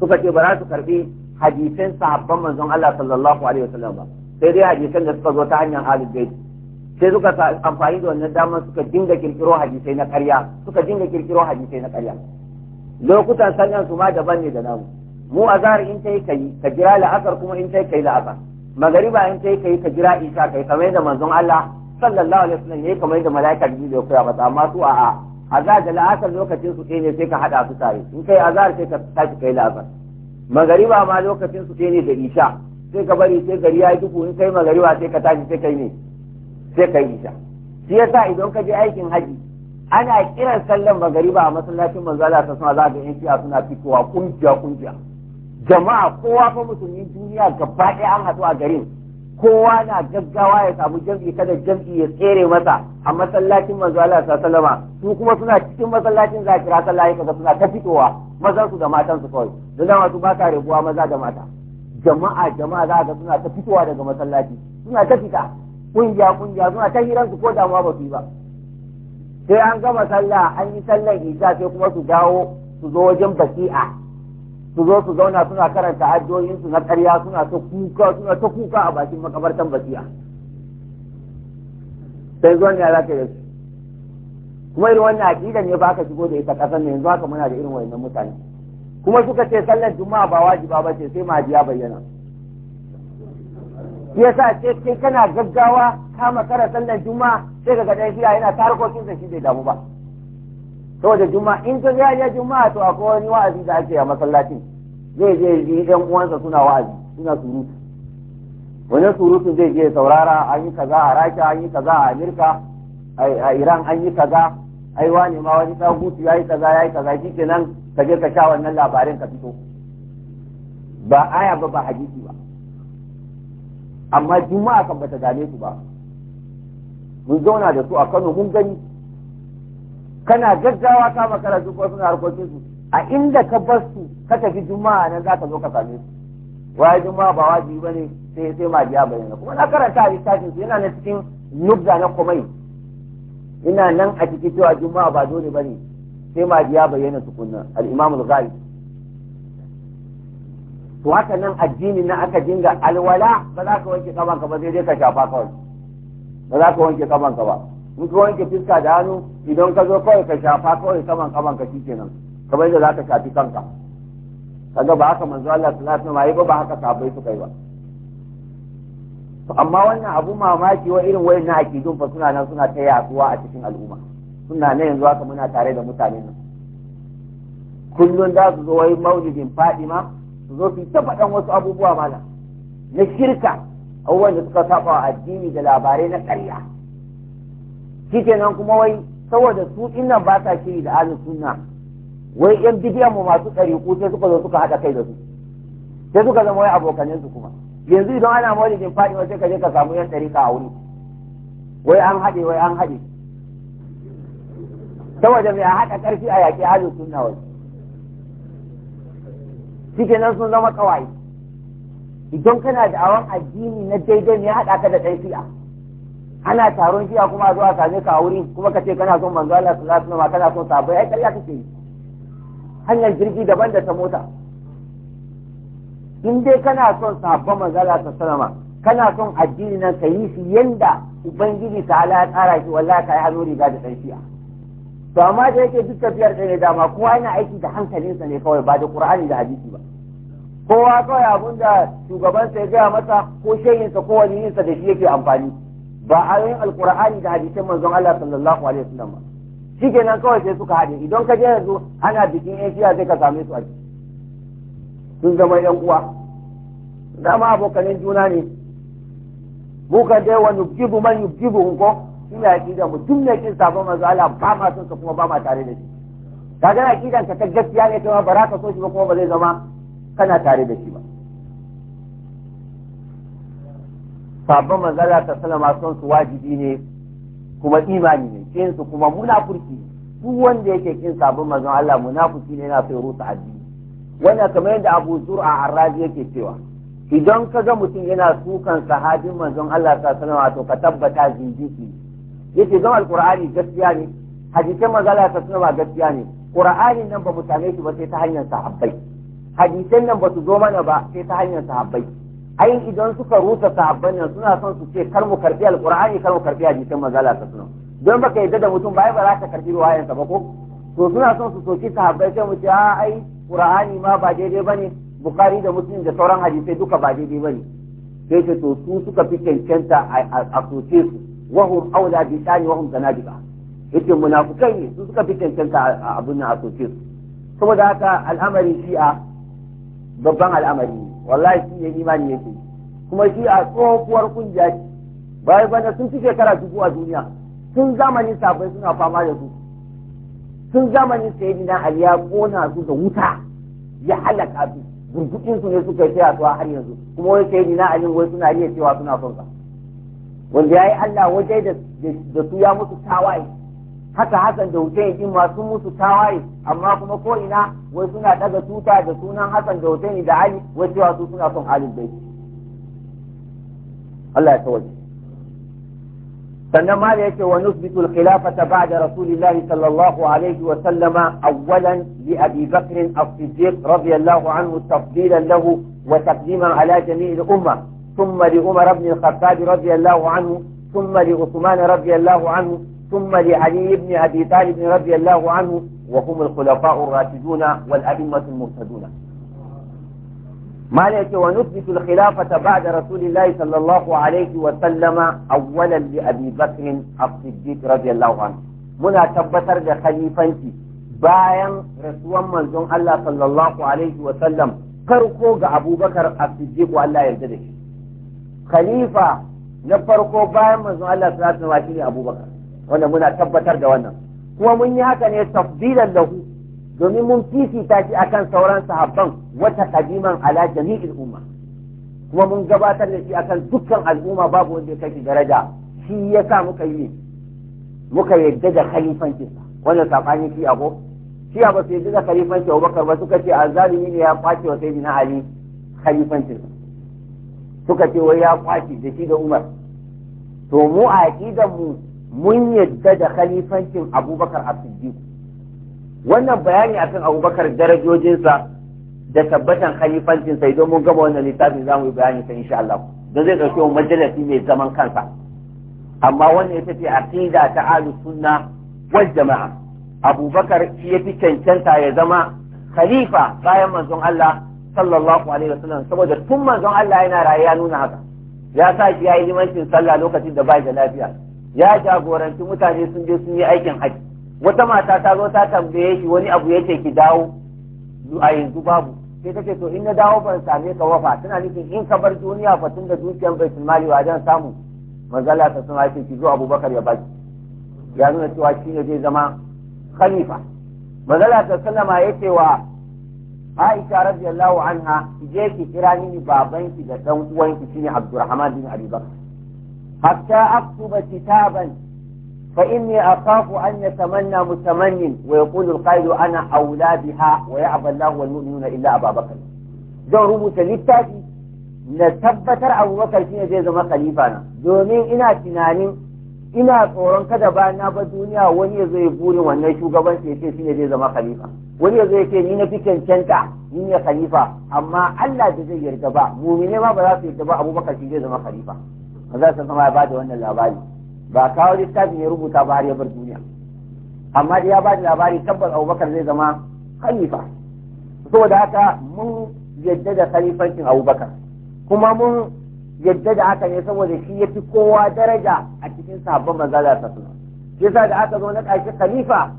suka ce ba za su karbi hadisan sahabban manzon Allah sallallahu alaihi wasallam ba sai dai hadisan da suka zo ta hanyar halin bait sai suka amfani da wannan damar suka dinga kirkiro hadisai na ƙarya suka dinga kirkiro hadisai na karya lokutan sallan su ma daban ne da namu mu azhar in tai kai ka jira la'asar kuma in tai kai la'asar ba in sai kai ka jira isha kai kamar da manzon Allah sallallahu alaihi wasallam yayi kamar da malaika biyu da koya masa amma su a'a azar da la'asar lokacin su ne sai ka hada su tare in kai azar sai ka tashi kai la'asar magariba ma lokacin su ne da isha sai ka bari sai gari ya yi duhu in kai magariba sai ka tashi sai kai ne sai kai isha shi yasa idan ka je aikin haji ana kiran sallan magariba a masallacin manzo Allah sallallahu alaihi wasallam za ka ga yan suna fitowa kungiya kungiya jama'a kowa fa musulmin duniya gaba ɗaya an haɗu a garin kowa na gaggawa ya samu jam'i kada jam'i ya tsere masa a masallacin manzo Allah sallama su kuma suna cikin masallacin zakira sallah ya kaga suna ta fitowa mazan su da matan su kawai da dama su ba sa rabuwa maza da mata jama'a jama'a za ga suna ta fitowa daga masallaci suna ta fita kungiya kungiya suna ta hiran su ko damuwa ba su yi ba sai an gama sallah an yi sallan isha sai kuma su dawo su zo wajen basi'a su zo su zauna suna karanta addu'o'insu na ƙarya suna ta kuka suna ta kuka a bakin makabartan basiya sai zuwan ya zaka kuma irin wannan aƙida ne ba ka shigo da ita ƙasar ne yanzu haka muna da irin wannan mutane kuma suka ce sallar juma'a ba wajiba ba ce sai majiya bayyana shi yasa ce kai kana gaggawa kama kara sallar juma'a sai ka ga dan yana tarkokin da shi bai damu ba saboda juma'a in ka ga ya juma'a to akwai wani wa'azi da ake a masallacin zai je ji ɗan uwansa suna wa'azi suna surutu wani surutu zai je saurara an yi kaza a rasha an yi kaza a amurka a iran an yi kaza ai wani ma wani tsagutu ya yi kaza ya yi kaza shi nan ka je ka sha wannan labarin ka fito ba aya ba ba hadisi ba amma juma'a kan bata dame su ba mun zauna da su a kano mun gani kana gaggawa ka makara su ko suna harkokin su a inda ka bar su ka tafi juma'a nan ka zo ka same su waye juma'a ba wajibi bane sai sai ma biya bayyana kuma na karanta a littafin su yana na cikin nubza na komai ina nan a cikin cewa juma'a ba dole bane sai ma biya bayyana tukunna al-imam al-ghali to haka nan addini na aka dinga alwala ba za ka wanke kaman ka ba sai dai ka shafa kawai ba za ka wanke kaman ka ba mutu wanke fuska da hannu idan ka zo kawai ka shafa kawai saman kaman ka nan kamar yadda za ka shafi kanka kaga ba haka manzo Allah sallallahu alaihi wasallam ba haka sabai suka yi ba to amma wannan abu mamaki wa irin wayin na akidun fa suna nan suna ta yaduwa a cikin al'umma suna nan yanzu haka muna tare da mutane nan kullun da su zo wai maulidin fadima su zo su ta faɗan wasu abubuwa mala na shirka abubuwan da suka saba addini da labarai na ƙarya nan kuma wai saboda su inna ba sa shiri da ahlus sunna wai yan bidiya mu masu ko sai suka zo suka haɗa kai da su sai suka zama wai abokanin su kuma yanzu idan ana maulidin faɗi wai sai ka je ka samu yan ɗariƙa a wuri wai an haɗe wai an haɗe saboda mai haɗa ƙarfi a yaƙi ahlus sunna wai nan sun zama kawai idan kana da awon addini na daidai ne haɗa ka da fi'a. ana taron jiya kuma zuwa same ka wuri kuma ka ce kana son manzo Allah sallallahu alaihi wasallam kana son sabai ai ƙarya kake yi hanyar jirgi daban da ta mota in dai kana son sabon manzo Allah sallallahu alaihi wasallam kana son addini nan ka yi shi yanda ubangiji ta ala ya tsara shi wallahi kai riga da fiya to amma da yake duk tafiyar da ne dama kowa yana aiki da hankalinsa ne kawai ba da qur'ani da hadisi ba kowa kawai abunda shugabansa ya gaya masa ko shehinsa ko wani yinsa da shi yake amfani ba a yin alkur'ani da hadisin manzon Allah sallallahu alaihi wasallam kenan kawai sai suka hade idan ka je yanzu ana bikin Asia sai ka same su a ciki sun zama yan uwa dama abokanin juna ne ka dai wa nubjibu man yubjibu ko ina kidan mu duk ne kin sabon manzon Allah ba ma son ka kuma ba ma tare da shi kaga aqidan ka ta gaskiya ne kuma ba ka so shi ba kuma ba zai zama kana tare da shi ba sabon manzara ta salama son su wajibi ne kuma imani ne kin su kuma munafurci duk wanda yake kin sabon manzon Allah munafurci ne yana sai rusa addini wannan kamar yadda Abu a Arrazi yake cewa idan ka ga mutum yana sukan sahabin manzon Allah ta salama to ka tabbata zinjiki yake don alqur'ani gaskiya ne hadisan manzara ta salama gaskiya ne qur'anin nan ba mutane shi ba sai ta hanyar sahabbai hadisan nan ba su zo mana ba sai ta hanyar sahabbai ai idan suka rusa sahabban nan suna son su ce kar mu karbi alqur'ani kar mu karbi hadisin manzala ta sunan don baka yadda da mutum bai ba za ka karbi ruwayan sa ba ko to suna son su soki sahabbai sai mu ce a ai qur'ani ma ba daidai bane bukhari da muslim da sauran hadisai duka ba daidai bane sai ce to su suka fi cancanta a soke su hum aula bi shani hum zanadiqa yace munafikai ne su suka fi cancanta a abun nan a soke su saboda haka al'amari shi'a babban al'amari ne wallahi shi ne imani yake kuma shi a tsohuwar kungiya ce bayan bana sun fi shekara dubu a duniya Sun zamanin sabai suna fama da su zamani zamanin sayyidina ali ya kona su da wuta ya halaka su gurgudin su ne suka yi tsayawa har yanzu kuma wai na ali wai suna iya cewa suna son sa wanda yayi Allah waje da su ya mutu tawaye haka hasan da Hussein din ma sun musu tawaye amma kuma ko ina wai suna daga tuta da sunan hasan da Hussein da Ali wai cewa su suna son Ali bai Allah ya tawaje sannan ma da yake wa nusbitu al-khilafata ba'da rasulillahi sallallahu alaihi wa sallama awwalan li Abi Bakr as-Siddiq radiyallahu anhu tafdilan lahu wa taqdiman ala jami'il umma ثم umar بن الخطاب رضي الله عنه ثم لعثمان رضي الله عنه ثم لعلي بن أبي طالب رضي الله عنه وهم الخلفاء الراشدون والأئمة المهتدون ما لك ونثبت الخلافة بعد رسول الله صلى الله عليه وسلم أولا لأبي بكر الصديق رضي الله عنه منا تبتر لخليفانتي bayan rasuwan manzon Allah sallallahu alaihi wa sallam farko ga abubakar as-siddiq Allah yarda da shi khalifa na farko bayan manzon Allah sallallahu alaihi abubakar wannan muna tabbatar da wannan kuma mun yi haka ne tafdilan lahu domin mun fifita shi akan sauran sahabban wata kadiman ala jami'il umma kuma mun gabatar da shi akan dukkan al'umma babu wanda ya kai daraja shi yasa muka yi muka yadda da khalifancin wannan sabani shi abu shi abu sai yadda da khalifancin Abubakar ba suka ce azalimi ne ya kwace wa sayyidina Ali khalifancin suka ce wai ya kwace da shi da Umar to mu a aqidan mu mun yadda da khalifancin abubakar a wannan bayani akan abubakar darajojinsa da tabbatan khalifancinsa sai don mun gama wannan littafin za mu yi bayani ta insha Allah don zai ɗauki wani majalisi mai zaman kansa amma wannan ita ce aqida ta ahlus sunna wal jama'a abubakar shi fi cancanta ya zama khalifa bayan manzon Allah sallallahu alaihi wasallam saboda tun manzon Allah yana raye ya nuna haka ya sa shi yayi limancin sallah lokacin da bai da lafiya ya jagoranci mutane sun je sun yi aikin haji wata mata ta zo ta tambaye shi wani abu yake ki dawo a yanzu babu sai kace to in na dawo ban same ka wafa tana nufin in ka bar duniya fa tun da dukiyar baitul mali wajen samu manzala ta sun ce ki zo abubakar ya baki ya nuna cewa shi ne zai zama khalifa manzala ta sallama ce wa Aisha radiyallahu anha ki je ki kira ni babanki da dan uwanki shine Abdurrahman bin Abi Bakr حتى أكتب كتابا فإني أخاف أن يتمنى متمن ويقول القائل أنا أولى بها ويعبى الله والمؤمنون إلا أبا بكر don rubuta littafi na tabbatar abubakar shine zai zama khalifa na domin ina tunanin ina tsoron kada ba na ba duniya wani ya zai burin wannan shugabanci ya ce shine zai zama khalifa wani ya zai ce ni na fi cancanta ni ne khalifa amma Allah da zai yarda ba mumine ma ba za su yarda ba abubakar shi zai zama khalifa maza sun sama ya bada wannan labari ba kawo littafin ya rubuta ba har ya bar duniya amma da ya bada labari tabbas abubakar zai zama khalifa saboda haka mun yadda da khalifancin abubakar kuma mun yadda da haka ne saboda shi ya fi kowa daraja a cikin sabon maza da ta suna yasa da aka zo na ƙarshe khalifa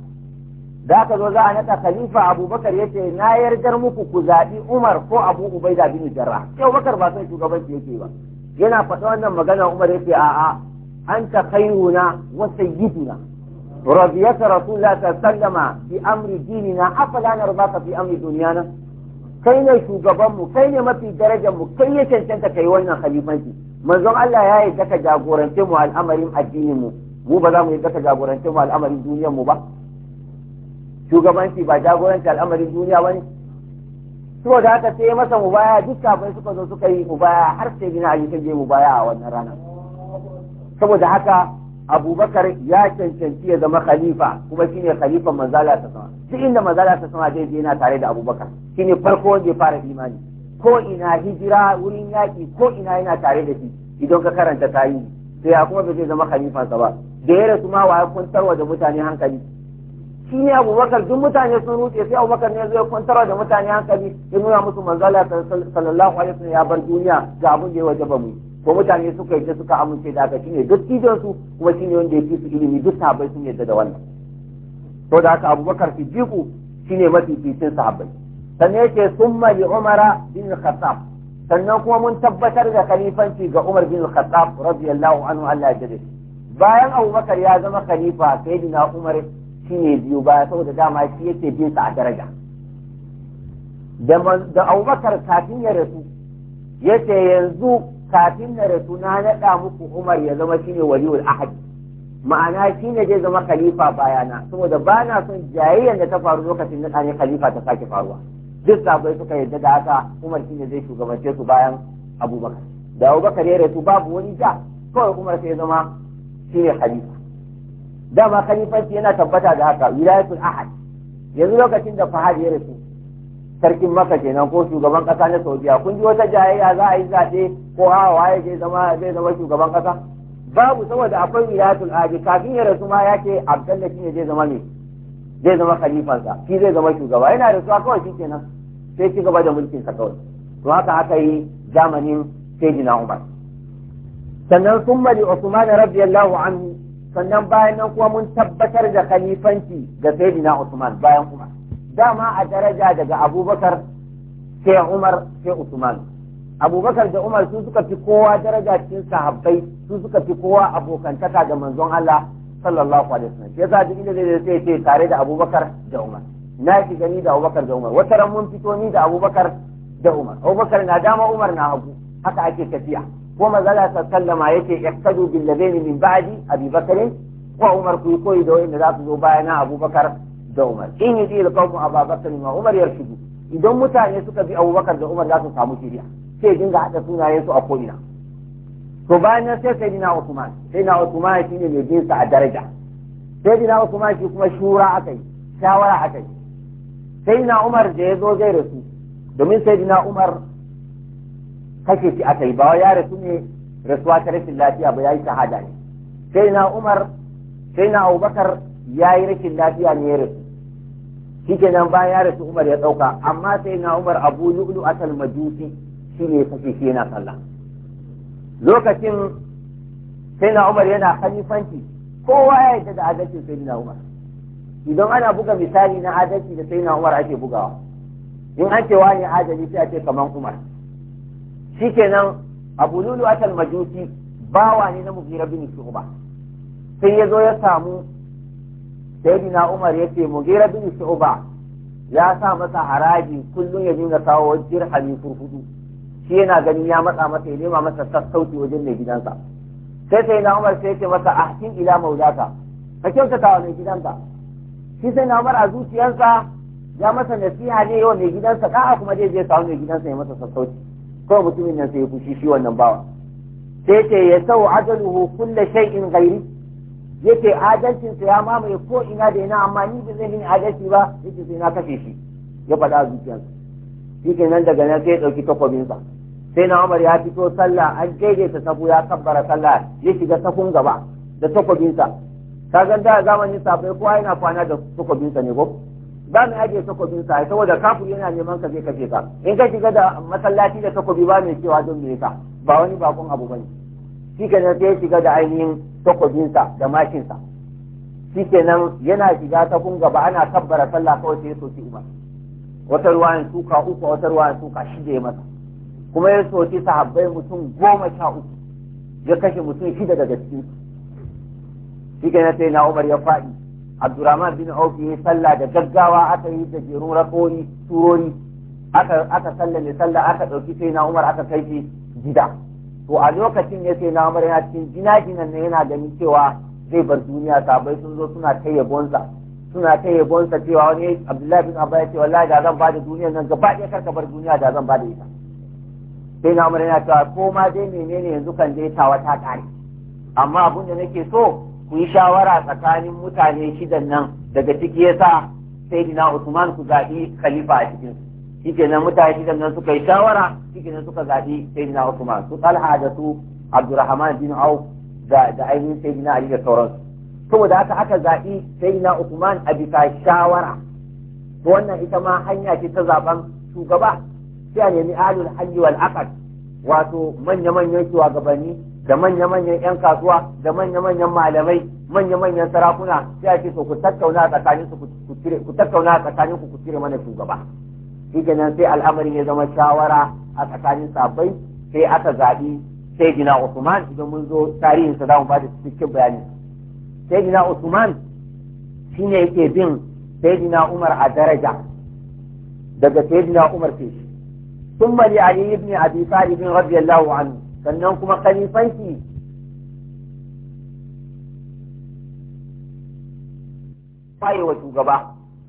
da aka zo za a naɗa khalifa abubakar ya ce na yardar muku ku zaɓi umar ko abu ubaida bin jarra yau bakar ba sai shugabanci yake ba yana faɗa wannan magana Umar ce a'a anta khayruna wa sayyiduna radiyata rasulullah sallama bi amri dinina afala narbaka fi amri dunyana kai ne shugaban kai ne mafi darajar mu kai ya cancanta kai wannan khalifanci manzon Allah ya yarda ka jagorance al'amarin addinin mu ba za mu yarda ka jagorance al'amarin duniyar ba shugabanci ba jagoranci al'amarin duniya saboda haka sai masa mubaya duk kafin suka zo suka yi mubaya har sai a ali ta je mubaya a wannan ranar saboda haka abubakar ya cancanci ya zama khalifa kuma shine khalifan manzala ta sama duk inda manzala ta sama zai je yana tare da abubakar shine farko wanda ya fara imani ko ina hijira wurin yaki ko ina yana tare da shi idan ka karanta tarihi sai ya kuma ba zai zama sa ba da ya rasu ma wa kuntarwa da mutane hankali shi ne abubakar duk mutane sun rufe sai abubakar ne zai kwantar da mutane hankali ya nuna musu manzala sallallahu alaihi wasallam ya bar duniya ga abin da ya waje ba mu ko mutane suka yi suka amince da haka shine duk su kuma shine wanda ya fi su ilimi duk sahabbai sun yadda da wannan to da haka abubakar ne shine mafificin sahabbai sannan yake summa li umara bin khattab sannan kuma mun tabbatar da khalifanci ga umar bin khattab radiyallahu anhu Allah ya jade bayan abubakar ya zama khalifa sayyidina umar shi ne biyu ba saboda dama shi yake bin sa a daraja da abubakar kafin ya rasu ya ce yanzu kafin na rasu na naɗa muku umar ya zama shi ne waliyul ahadi. ma'ana shi ne zai zama khalifa bayana saboda ba na son jayayyar da ta faru lokacin na ɗane khalifa ta sake faruwa duk sabai suka yarda da haka umar shi ne zai shugabance su bayan abubakar da abubakar ya rasu babu wani ja kawai umar sai zama shi ne khalifa dama kalifanci yana tabbata da haka wilayatul ahad yanzu lokacin da fahad ya rasu sarkin maka kenan ko shugaban kasa na saudiya kun ji wata jayayya za a yi zaɓe ko hawa waye zai zama zai zama shugaban kasa babu saboda akwai wilayatul ahad kafin ya rasu ma ya ce abdalla shine zai zama me zai zama khalifansa shi zai zama shugaba yana rasuwa kawai shi kenan sai ci gaba da mulkin sa kawai to haka aka yi zamanin sayyidina umar sannan summa li usman radiyallahu anhu sannan bayan nan kuma mun tabbatar da khalifanci ga sayyidina Usman bayan Umar dama a daraja daga Abubakar sai Umar sai Usman Abubakar da Umar su suka fi kowa daraja cikin sahabbai su suka fi kowa abokantaka da manzon Allah sallallahu alaihi wasallam sai za duk inda zai sai ce tare da Abubakar da Umar na shiga ni da Abubakar da Umar wata ran mun fito ni da Abubakar da Umar Abubakar na dama Umar na hagu haka ake tafiya ko manzala ta sallama ya yace ihtadu bil ladaini min ba'adi abi bakr wa umar ku koyi da wanda za su zo baya na abubakar da umar in yi da a babakar wa umar yarshudu idan mutane suka bi abubakar da umar za su samu shiriya sai dinga haɗa sunayen su a ko'ina to bayan nan sai sayyidina usman sayyidina usman shine mai bin sa a daraja sayyidina usman shi kuma shura akai shawara akai sayyidina umar da ya zo zai rasu domin sayyidina umar kashe shi aka yi ba ya rasu ne rasuwa ta rashin lafiya ba ya yi shahada ne sai na umar sai na abubakar ya yi rashin lafiya ne ya rasu shi nan ba ya rasu umar ya ɗauka amma sai na umar abu lu'lu asal majusi shi ne kashe shi yana sallah lokacin sai na umar yana halifanci kowa ya ta da adalcin sai na umar idan ana buga misali na adalci da sai na umar ake bugawa in an ce wani adali sai a ce kaman umar shikenan abu lulu atal majusi bawa ne na mugira bin shu'ba sai ya zo ya samu sayyidina umar ya ce mugira bin shu'ba ya sa masa haraji kullum ya nuna kawo hali furfudu shi yana ganin ya matsa masa ya nema masa sassauci wajen mai gidansa sai sai na umar sai ya ce masa ahsin ila maulaka ka kyautata wa mai gidanka shi sai na umar a zuciyarsa ya masa nasiha ne yau mai gidansa k'a'a kuma zai je samu mai gidansa ya masa sassauci kawai mutumin nan sai ya fushi shi wannan bawa sai ce ya sau ajaluhu kulla shay'in ghairi yake adalcin sa ya mamaye ko ina da ina amma ni ba zai yi adalci ba yake sai na kashe shi ya faɗa a zuciyarsa shi nan daga nan sai ya ɗauki takobin sa sai na Umar ya fito sallah an daidaita sabu ya kabbara sallah ya shiga sakun gaba da takobin sa kaga da zamanin sa bai kowa yana kwana da takobin sa ne ko ba mai ajiye takobin sa saboda kafin yana neman ka ka kashe ka in ka shiga da masallaci da takobi ba mai cewa don me ka ba wani bakon abu bane shi kenan sai ya shiga da ainihin takobin sa da mashin sa shi yana shiga ta kun gaba ana tabbara sallah kawai sai ya soki umar wata ruwayan suka uku wata ruwayan suka shida ya masa kuma ya soki sahabbai mutum goma sha uku ya kashe mutum shida daga cikin shi sai na umar ya faɗi abdurrahman bin auf ya salla da gaggawa aka yi da jerun rakori turori. aka aka ne salla aka dauki sai na umar aka kai shi gida to a lokacin ya sai na umar yana cikin jina-jinan ne yana ganin cewa zai bar duniya sabai sun zo suna kai yabonsa suna kai yabonsa cewa wani abdullahi bin abba ya ce wallahi da zan bada duniya nan gaba ɗaya karka bar duniya da zan bada ita sai na umar yana cewa ko ma dai menene yanzu kan dai tawa ta kare amma abin da nake so ku yi shawara tsakanin mutane shidan nan daga ciki ya sa sai dina Usman ku zaɓi khalifa a cikin su shikenan mutane shidan nan suka yi shawara shikenan suka zaɓi sai dina Usman su talha da su Abdurrahman bin Auf da da ainihin sai dina Ali da sauransu saboda haka aka zaɓi sai dina Usman a bisa shawara to wannan ita ma hanya ce ta zaben shugaba sai a nemi alul hajji wal aqad wato manya-manyan shugabanni da manya-manyan 'yan kasuwa da manya-manyan malamai manya-manyan sarakuna sai a ce so ku tattauna a tsakanin su ku tattauna a tsakanin ku ku cire mana shugaba shi kenan sai al'amarin ya zama shawara a tsakanin sabbai sai aka zaɓi sai gina Usman idan mun zo tarihin sa zamu bada cikakken bayani sai gina Usman shine yake bin sai gina Umar a daraja daga sai gina Umar sai Ali, Ibn Abi, ابي طالب رضي الله anhu sannan kuma khalifanci wa shugaba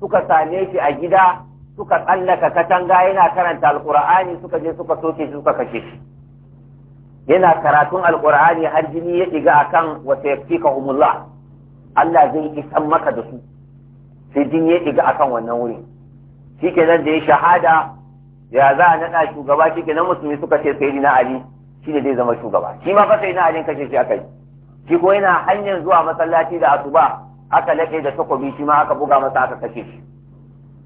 suka same shi a gida suka tsallaka katanga yana karanta alkur'ani suka je suka soke shi suka kashe shi yana karatun alkur'ani har jini ya diga akan wa sayfikahumullah Allah zai isan maka da su sai jini ya diga akan wannan wurin nan da ya shahada ya za a naɗa shugaba shikenan musulmi suka ce sai sayyidina ali shi ne zai zama shugaba shi ma fa sai na ajin kashe shi aka yi shi ko yana hanyar zuwa masallaci da asuba aka laƙe da takobi shi ma aka buga masa aka kashe shi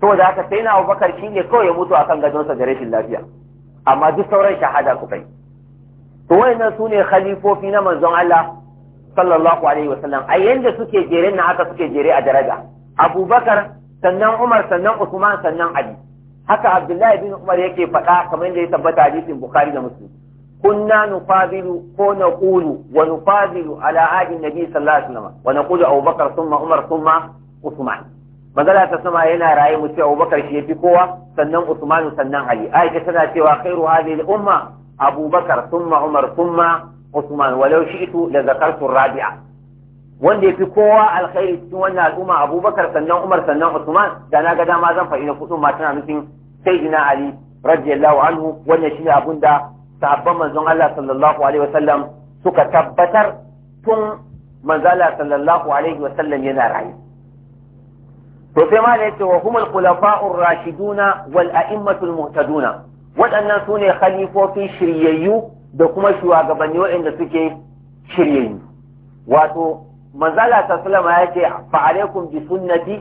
to da aka sai na abubakar shi ne kawai ya mutu akan gadonsa da rashin lafiya amma duk sauran shahada kuka yi to wayannan su ne khalifofi na manzon Allah sallallahu alaihi wasallam a yanda suke jere na aka suke jere a daraja abubakar sannan umar sannan usman sannan ali haka abdullahi bin umar yake faɗa kamar yadda ya tabbata hadisin bukhari da muslim kunna nufazilu ko na kulu wa nufazilu ala hadin nabi sallallahu alaihi wasallam wa naqulu abubakar thumma umar thumma usman manzala ta sama yana raye mu ce abubakar shi yafi kowa sannan usman sannan ali aisha tana cewa khairu hadhihi al-umma abubakar thumma umar thumma usman walau shi'tu la zakartu rabi'a wanda ya fi kowa alkhairi cikin wannan al'umma abubakar sannan umar sannan usman da na ga dama zan faɗi na kuɗin ma tana nufin sayyidina ali radiyallahu anhu wannan shine abun da sabon manzon Allah sallallahu alaihi wasallam suka tabbatar tun manzon Allah sallallahu alaihi wasallam yana rayu to sai ma yace wa humul khulafa'ur rashiduna wal a'immatul muhtaduna waɗannan sune khalifofi shiryayyu da kuma shugabanni waɗanda suke shiryayyu wato manzon Allah sallallahu alaihi wasallam yace fa alaikum bi sunnati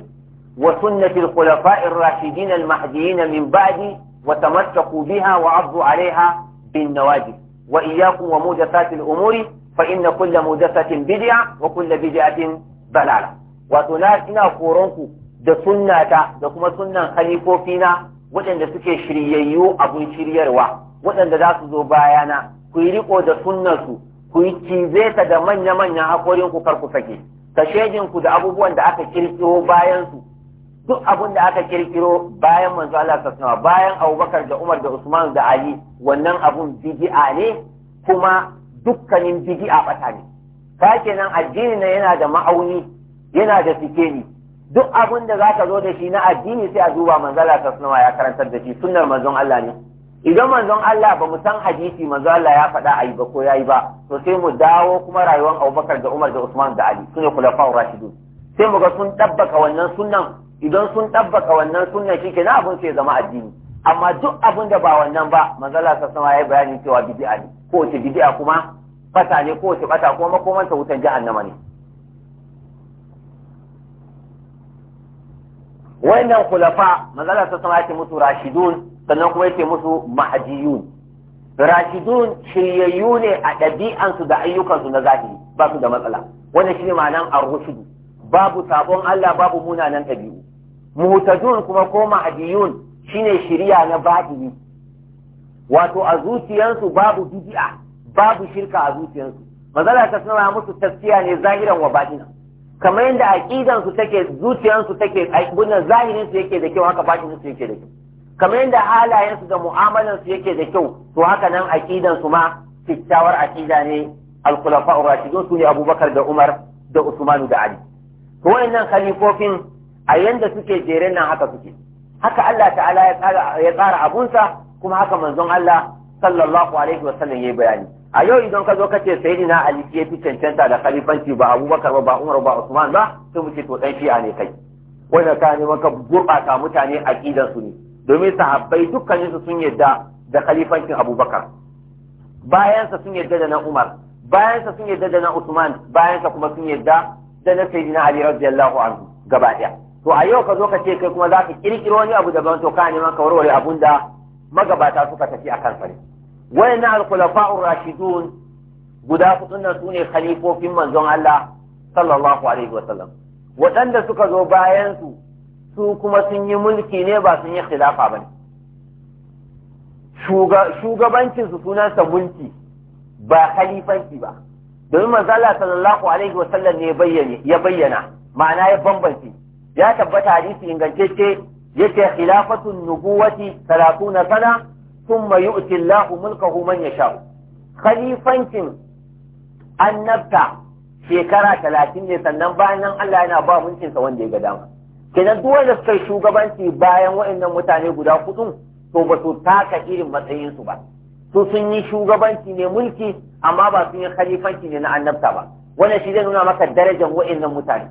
وسنة الخلفاء الراشدين المهديين wa بعدي وتمسكوا بها وعضوا عليها bin nawajib wa iyyaku wa muhdathatil umuri fa inna kulla muhdathatin bid'a wa kulla bid'atin dalala wato na ina koronku da sunnata da kuma sunnan na waɗanda suke shiryayyu abun shiryarwa waɗanda za su zo bayana ku yi riko da sunnarsu ku yi cize ta da manya-manyan haƙorin ku kar ku sake kashejin ku da abubuwan da aka kirkiro bayan su duk abin da aka kirkiro bayan manzo Allah sallallahu bayan Abubakar da Umar da Usman da Ali wannan abun bid'a ne kuma dukkanin bid'a bata ne ka kenan addini ne yana da ma'auni yana da sikeli duk abin da zaka zo da shi na addini sai a duba manzo Allah sallallahu ya karantar da shi sunnar manzon Allah ne idan manzon Allah ba mu san hadisi manzo Allah ya faɗa ai ba ko yayi ba to sai mu dawo kuma rayuwar Abubakar da Umar da Usman da Ali sune khulafa'ur rashidun sai mu ga sun dabbaka wannan sunnan idan sun ɗabbaka wannan sunna shi na abin sai zama addini amma duk abin da ba wannan ba manzala sa sama ya bayani cewa bid'a ne ko wace bid'a kuma fata ne ko wace fata, kuma ta wutan jahannama ne wannan kulafa manzala sa sama yake musu rashidun sannan kuma yake musu mahdiyun rashidun shiryayyu ne a ɗabi'ansu da ayyukansu na zahiri ba su da matsala wannan shine ma'anan ar-rushd babu sabon Allah babu munanan ɗabi'u muhtadun kuma ko ma'adiyun shine shiriya na batini wato a zuciyansu babu bid'a babu shirka a zuciyansu mazala ta suna musu tafsiya ne zahiran wa batina kamar yadda aqidan su take zuciyansu take aibun zahirin su yake da kyau haka batinin su yake da kyau kamar yadda halayen su da mu'amalan su yake da kyau to haka nan aqidan su ma kyakkyawar aqida ne al-khulafa'ur rashidun su ne Abubakar da Umar da Usmanu da Ali to nan khalifofin a yanda suke jere nan haka suke haka Allah ta'ala ya tsara tsara abunsa kuma haka manzon Allah sallallahu alaihi wa sallam yayi bayani a yau idan ka zo ka ce sayyidina Ali ya fi cancanta da khalifanci ba Abubakar ba ba Umar ba Usman ba sai mu ce to dan shi'a ne kai wannan ka ne maka gurbata mutane aqidan su ne domin sahabbai dukkanin su sun yadda da khalifancin Abubakar bayansa sun yadda da na Umar bayansa sun yadda da na Usman bayansa kuma sun yadda Sai na sayyidina ali radiyallahu anhu gaba daya to a yau ka zo ka ce kai kuma za ka kirkiro wani abu daban to ka neman ka warware abun da magabata suka tafi a kan sa ne wayannan al-khulafa'ur rashidun guda hudun nan sune khalifofin manzon Allah sallallahu alaihi wa sallam waɗanda suka zo bayan su su kuma sun yi mulki ne ba sun yi khilafa ba ne shugabancinsu sunansa mulki ba khalifanci ba domin manzo Allah sallallahu alaihi wasallam ne ya bayyana ma'ana ya bambance ya tabbata hadisi ingantacce yace khilafatu nubuwati 30 sana thumma yu'ti Allahu mulkahu man yasha khalifancin annabta shekara 30 ne sannan bayan nan Allah yana ba sa wanda ya ga dama kenan duk wanda suka shugabanci bayan waɗannan mutane guda hudu to ba su taka irin matsayin su ba su sun yi shugabanci ne mulki amma ba sun yi khalifanci ne na annabta ba wannan shi zai nuna maka darajar wa'annan mutane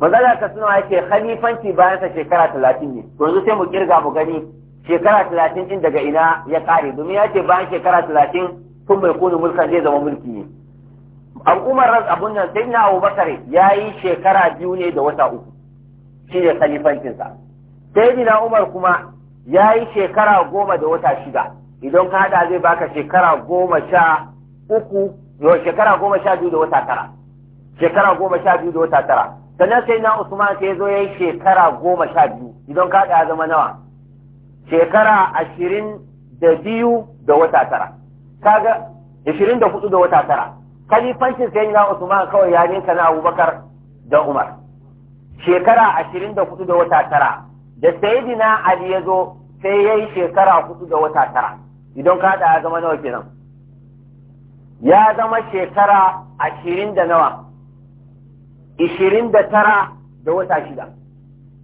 manzala ka suna ce khalifanci bayan sa shekara talatin ne to yanzu sai mu kirga mu gani shekara talatin din daga ina ya kare domin ya ce bayan shekara talatin tun mai kunu mulkan zai zama mulki ne al'ummar ran abun nan sai na abubakar ya yi shekara biyu ne da wata uku shi ne khalifancinsa sai umar kuma ya yi shekara goma da wata shida idan ka haɗa zai baka shekara goma sha uku yau shekara goma sha biyu da wata tara shekara goma sha biyu da wata tara sannan sai na usman sai zo ya yi shekara goma sha biyu idan ka haɗa ya zama nawa shekara ashirin da biyu da wata tara kaga ashirin da hudu da wata tara kalifancin sai na usman kawai ya ninka na abubakar da umar shekara ashirin da hudu da wata tara da sayidina ali ya zo sai ya yi shekara hudu da wata tara idan ka haɗa ya zama nawa kenan ya zama shekara ashirin da nawa ishirin da tara da wata shida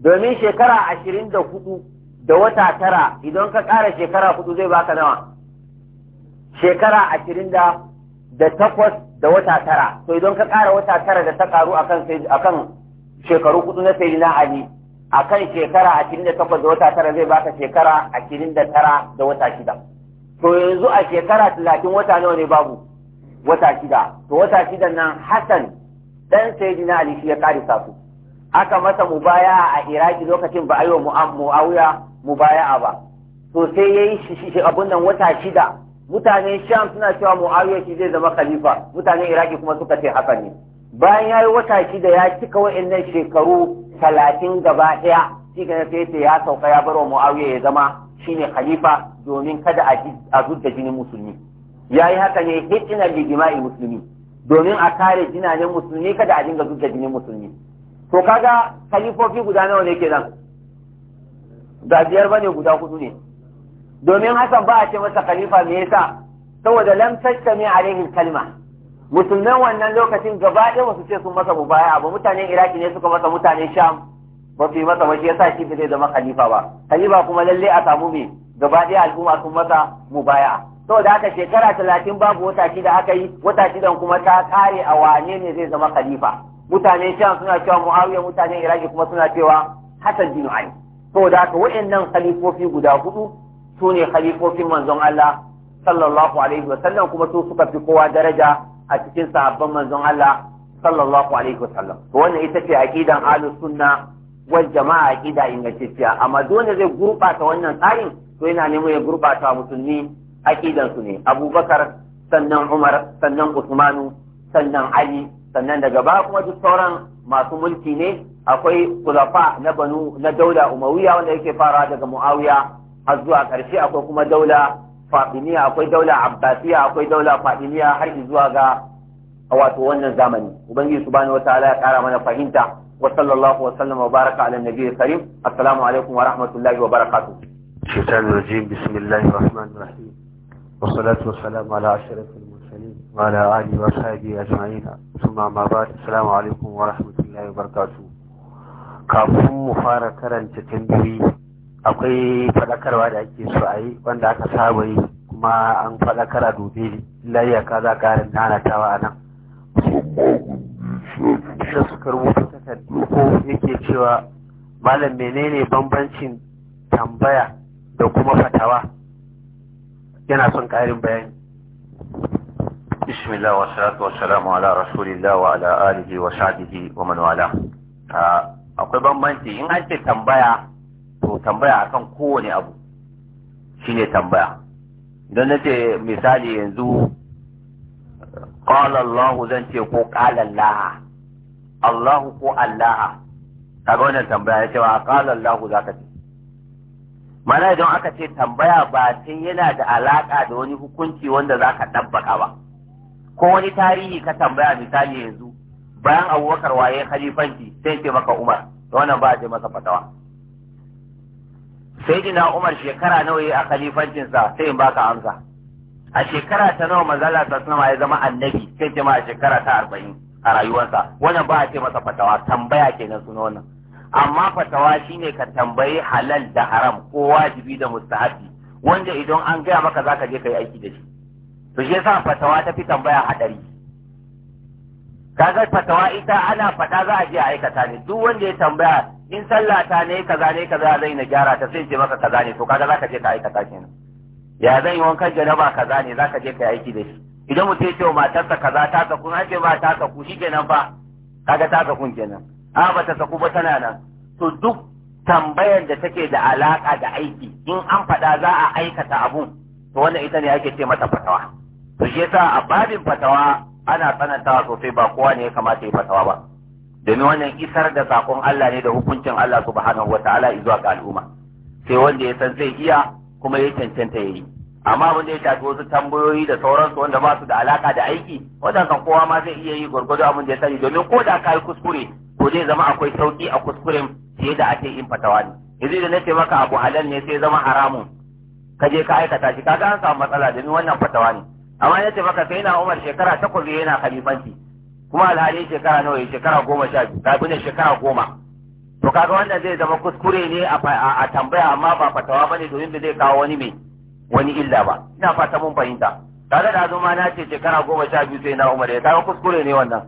domin shekara ashirin da hudu da wata tara idan ka ƙara shekara hudu zai baka nawa shekara ashirin da da takwas da wata tara to idan ka ƙara wata tara da ta ƙaru akan akan shekaru hudu na sai na ali akan shekara ashirin da takwas da wata tara zai baka shekara ashirin da tara da wata shida to yanzu a shekara talatin wata nawa ne babu wata shida to wata shida nan hassan dan sayyidina ali shi ya kare su aka masa mubaya a iraki lokacin ba a yi wa mu'awiya ba to sai ya yi abun nan wata shida mutanen sham suna cewa mu'awiya shi zai zama khalifa mutanen iraki kuma suka ce haka ne bayan ya yi wata shida ya cika wa'annan shekaru talatin gaba ɗaya shi sai ya sauka ya bar wa mu'awiya ya zama ne khalifa domin kada a zudda jinin musulmi ya yi haka ne hikina li musulmi domin a kare jinanen musulmi kada a dinga zudda jinin musulmi to kaga khalifofi guda nawa ne kenan ba biyar ne guda hudu ne domin Hassan ba a ce masa khalifa me yasa saboda lam tastami alaihi kalma musulman wannan lokacin gaba ɗaya wasu ce sun masa baya ba mutanen iraki ne suka masa mutanen sham ba su yi masa ba shi sa shi zai zama khalifa ba khalifa kuma lalle a samu me gaba ɗaya al'umma sun masa mubaya saboda haka shekara talatin babu wata shida aka yi wata shidan kuma ta kare a wane ne zai zama khalifa mutane shan suna cewa muawiya mutane iraki kuma suna cewa hasan bin ali saboda haka waɗannan khalifofi guda hudu su ne khalifofin manzon Allah sallallahu alaihi wasallam kuma su suka fi kowa daraja a cikin sahabban manzon Allah sallallahu alaihi wasallam to wannan ita ce aqidan ahlus sunna wal jama'a gida ingantacciya amma dole zai gurɓata wannan tsarin to yana neman ya gurɓata musulmi aƙidansu ne abubakar sannan umar sannan usmanu sannan ali sannan daga ba kuma duk sauran masu mulki ne akwai kulafa na banu na daula umawiya wanda yake fara daga muawiya har zuwa ƙarshe akwai kuma daula fadimiya akwai daula abbasiya akwai daula fadimiya har zuwa ga wato wannan zamani ubangiji subhanahu wataala ya kara mana fahimta wa sallallahu sallama wa baraka wa rahmatullahi wa barakatuh shaitanir rajim bismillahir rahmanir rahim wa salatu wa salam ala ashrafil mursalin wa ala alihi wa sahbihi ajma'in thumma ma kafin mu fara karanta tambayoyi akwai faɗakarwa da ake so a yi wanda aka saba yi kuma an faɗakar a dobe ka za ka nana a nan da suka rubuta takardu ko yake cewa malam menene bambancin tambaya da kuma fatawa yana son ƙarin bayani bismillah wa salatu wa salamu ala rasulillah wa ala alihi wa sahbihi wa man wala akwai bambanci in an ce tambaya to tambaya akan kowane abu shine tambaya idan nace misali yanzu qala Allah zan ce ko qala Allah Allah ko Allah Ka ga wannan tambaya ce wa qala Allahu zaka ce mana idan aka ce tambaya ba sai yana da alaka da wani hukunci wanda zaka dabbaka ba ko wani tarihi ka tambaya misali yanzu bayan Abubakar waye khalifanci sai ce maka Umar to wannan ba a ce masa fatawa sayyidina Umar shekara nawa yayi a khalifancinsa sai in baka amsa a shekara ta nawa Mazalla sallallahu alaihi wasallam ya zama annabi sai ce ma a shekara ta arba'in a rayuwarsa wannan ba a ce masa fatawa tambaya kenan suna wannan amma fatawa shine ka tambayi halal da haram ko wajibi da mustahabi wanda idan an gaya maka zaka je kai aiki da shi to shi yasa fatawa ta fi tambaya hadari kaga fatawa ita ana fata za a je a aikata ne duk wanda ya tambaya in sallah ta ne kaza ne kaza zai na gyara ta sai ce maka kaza ne to kaga zaka je ka aikata kenan ya zan yi wankan janaba kaza ne zaka je kai aiki da shi idan mu ya ce wa matarsa kaza ta saku na ce ba ta saku shi kenan fa kaga ta saku kenan a ba ta saku ba tana nan to duk tambayar da take da alaka da aiki in an faɗa za a aikata abun to wannan ita ne ake ce mata fatawa to shi yasa a babin fatawa ana tsanantawa sosai ba kowa ne ya kamata ya fatawa ba domin wannan isar da sakon Allah ne da hukuncin Allah subhanahu wataala zuwa ga al'umma sai wanda ya san zai iya kuma ya cancanta ya yi amma abin da ya shafi wasu tambayoyi da sauransu wanda ba su da alaka da aiki wannan kan kowa ma zai iya yi gwargwado abin da ya sani domin ko da ka yi kuskure ko zai zama akwai sauki a kuskuren fiye da ake yin fatawa ne yanzu da na ce maka abu halal ne sai zama haramun ka je ka aikata shi kaga an samu matsala domin wannan fatawa ne amma na ce maka sai na umar shekara takwas yana khalifanci kuma alhali shekara nawa shekara goma sha biyu kafin shekara goma to kaga wannan zai zama kuskure ne a tambaya amma ba fatawa bane domin da zai kawo wani mai wani illa ba ina fata mun fahimta tare da zuma na ce shekara goma sha biyu sai na umar ya kawo kuskure ne wannan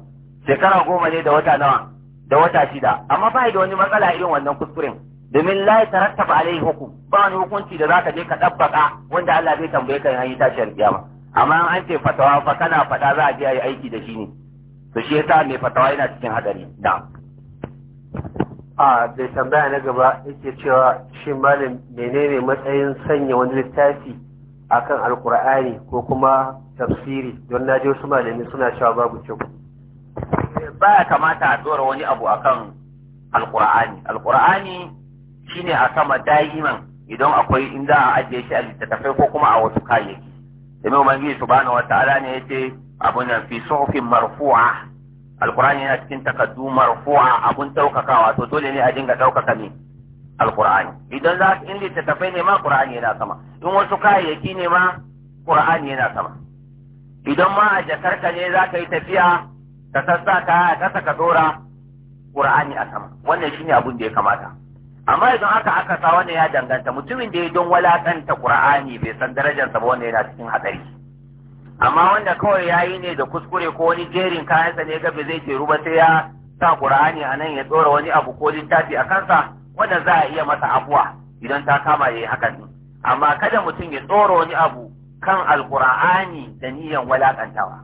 shekara goma ne da wata nawa da wata shida amma ba da wani matsala irin wannan kuskuren domin la ta tarattaba alai hukum ba wani hukunci da za ka je ka dabbaka wanda Allah zai tambaye ka yayin tashiyar kiyama amma an ce fatawa fa kana fada za a je a yi aiki da shi ne to shi yasa mai fatawa yana cikin hadari Na. a da tambaya na gaba yake cewa shi malam menene matsayin sanya wani littafi akan alkur'ani ko kuma tafsiri don na wasu malami suna cewa babu kyau ya kamata a dora wani abu akan alkur'ani alkur'ani shine a sama da'iman idan akwai inda a ajiye shi a littattafai ko kuma a wasu kayayyaki domin ubangiji subhanahu ta'ala ne yace abun nan fi sufin marfu'a alkurani yana cikin takaddu marfu'a abun daukakawa to dole ne a dinga daukaka ne alqur'ani idan za in littattafai ne ma qur'ani yana sama in wasu kayayyaki ne ma qur'ani yana sama idan ma a jakarka ne za ka yi tafiya ka sassa kaya a ƙasa ka dora qur'ani a sama wannan shine abun da ya kamata amma idan aka aka sa wannan ya danganta mutumin da ya don walakanta qur'ani bai san darajarsa ba wannan yana cikin hatsari amma wanda kawai ya yi ne da kuskure ko wani jerin kayansa ne ga zai ce ruba sai ya sa ƙur'ani a nan ya tsora wani abu ko littafi a kansa wanda za a iya masa abuwa idan ta kama ya yi hakan ne amma kada mutum ya tsora wani abu kan alƙur'ani da niyan walakantawa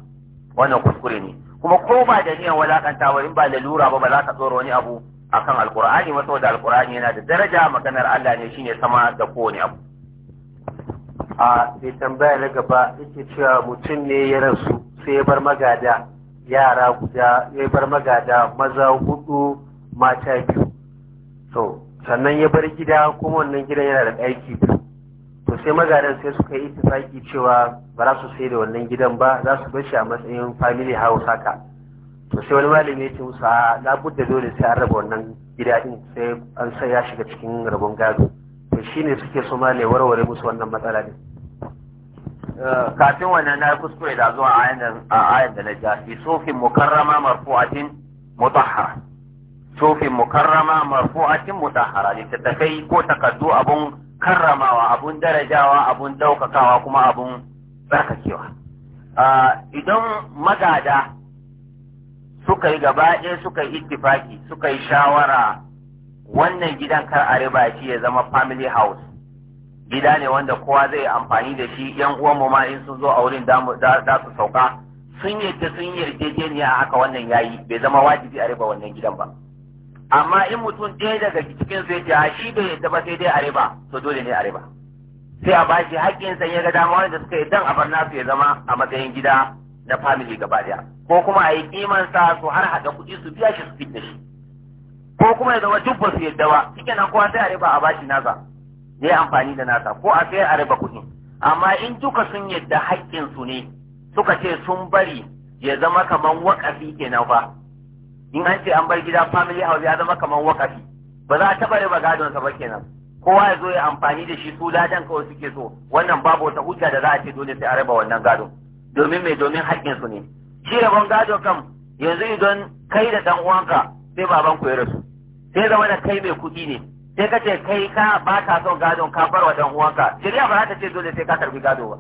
wannan kuskure ne kuma ko ba da niyan walakantawa in ba lalura ba ba za ka tsora wani abu akan alƙur'ani ba saboda alƙur'ani yana da daraja maganar Allah ne ne sama da kowane abu a bai tambaya na gaba yake cewa mutum ne ya rasu sai ya bar magada yara guda ya bar magada maza hudu mata biyu to sannan ya bar gida kuma wannan gidan yana da aiki biyu to sai magadan sai suka yi tafaki cewa ba za su sai da wannan gidan ba za su bar shi a matsayin family house haka to sai wani malami ya ce musu a da dole sai an raba wannan gida din sai an sai ya shiga cikin rabon gado to shine suke so malai warware musu wannan matsala din kafin wannan na kuskure da zuwa a ayan da na ja fi sufin mukarrama marfu'atin mutahara sufin mukarrama marfu'atin mutahhara littattafai ko takaddu abun karramawa abun darajawa abun daukakawa kuma abun tsarkakewa idan magada suka yi gaba ɗaya suka yi ittifaki suka yi shawara wannan gidan kar a riba shi ya zama family house gida ne wanda kowa zai amfani da shi yan uwan mu ma in sun zo a wurin da su sauka sun ta sun yarjejeniya haka wannan yayi bai zama wajibi a riba wannan gidan ba amma in mutum ɗaya daga cikin zai ce shi bai yadda ba sai dai a riba to dole ne a riba sai a bashi haƙƙin san ya ga dama wanda suka yi dan a bar nasu ya zama a matsayin gida na family gaba daya ko kuma a yi kiman sa su har haɗa kuɗi su biya shi su fidda shi ko kuma ya zama duk ba su yadda ba nan kowa sai a riba a bashi nasa Zai yi amfani da nasa ko a sayar a raba kuɗin amma in duka sun yadda haƙƙinsu ne suka ce sun bari ya zama kamar wakafi kenan fa in an ce an bar gida family house ya zama kamar wakafi. ba za a taɓa gadon gadonsa ba kenan kowa ya zo ya amfani da shi su ladan kawai suke so wannan babu wata hujja da za a ce dole sai a raba wannan gado domin mai domin haƙƙinsu ne shi rabon gado kam yanzu idan kai da ɗan uwanka sai babanku ya rasu sai zama da kai mai kuɗi ne sai ka ce kai ka ba ka son gadon ka bar wa dan uwanka shari'a ba za ta ce dole sai ka karbi gado ba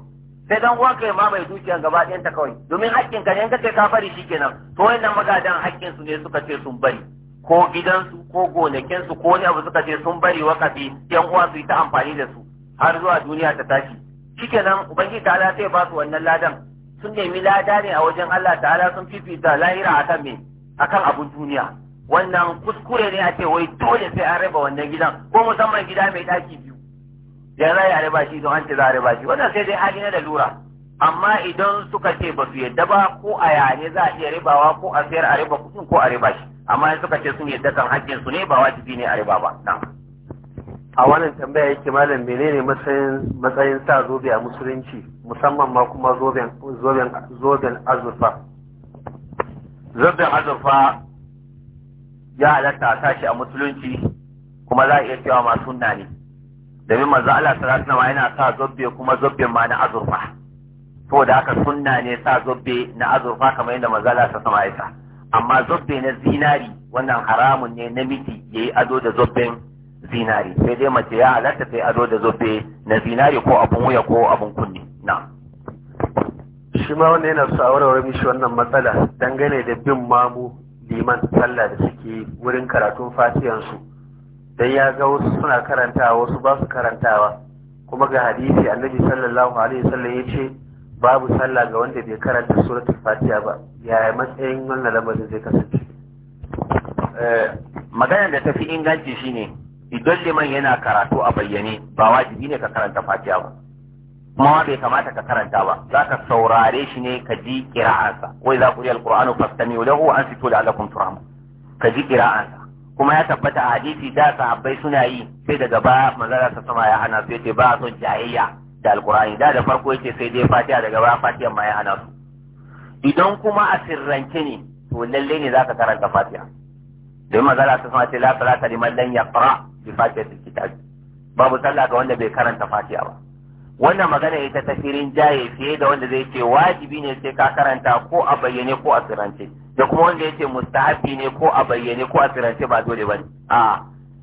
sai dan uwanka ya mamaye dukiyar gaba ɗayan ta kawai domin haƙƙin ka ne in ka ce ka bari shikenan to wayannan magadan haƙƙin su ne suka ce sun bari ko gidansu ko gonakinsu ko wani abu suka ce sun bari wakafi yan uwa su yi ta amfani da su har zuwa duniya ta tashi shikenan ubangiji ta'ala sai ba su wannan ladan sun nemi lada ne a wajen Allah ta'ala sun fifita lahira akan me akan abun duniya wannan kuskure ne a ce wai dole sai an raba wannan gidan ko musamman gida mai ɗaki biyu ya za a raba shi don an ce za a raba shi wannan sai dai hali na lura. amma idan suka ce ba su yadda ba ko a yane za a iya ribawa ko a sayar a riba kuɗin ko a riba shi amma in suka ce sun yadda kan hakkin su ne ba wajibi ne a riba ba na a wannan tambaya yake malam menene matsayin matsayin sa zobe a musulunci musamman ma kuma zoben zoben zoben azurfa zoben azurfa ya halatta a shi a musulunci kuma za a iya cewa masu sunna ne domin manzo Allah sallallahu alaihi yana sa zobbe kuma zobe ma na azurfa to da haka sunna ne sa zobe na azurfa kamar yadda manzo Allah sallallahu alaihi amma zobe na zinari wannan haramun ne namiji yayi ado da zobben zinari sai dai mace ya halatta ta yi ado da zobbe na zinari ko abun wuya ko abun kunni na'am shi ma wanda yana sa wannan matsala dangane da bin mamu liman sallah da suke wurin karatun fasiyansu dan ya ga wasu suna karantawa wasu ba su karantawa kuma ga hadisi annabi sallallahu alaihi wasallam ya ce babu sallah ga wanda bai karanta suratul fatiha ba yaya matsayin wannan lamarin zai kasance eh, magana da tafi inganci shine idan liman yana karatu a bayyane ba wajibi ne ka karanta fatiha ba ma bai kamata ka karanta ba za ka saurare shi ne ka ji kira'ansa wai za ku yi alƙur'anu fastami'u lahu an fito da alakum turhamu ka ji kira'ansa kuma ya tabbata a hadisi da sahabbai suna yi sai daga ba manzara sa sama ya hana su yace ba son jayayya da alkur'ani da da farko yace sai dai fatiha daga ba fatiha ma ya hana idan kuma a sirrance ne to lallai ne zaka karanta fatiha don manzara babu sallah ga wanda bai karanta fatiha ba wannan magana ita ta firin jaye fiye da wanda zai ce wajibi ne sai ka karanta ko a bayyane ko a sirance da kuma wanda ya ce mustahabi ne ko a bayyane ko a sirance ba dole ba ne. a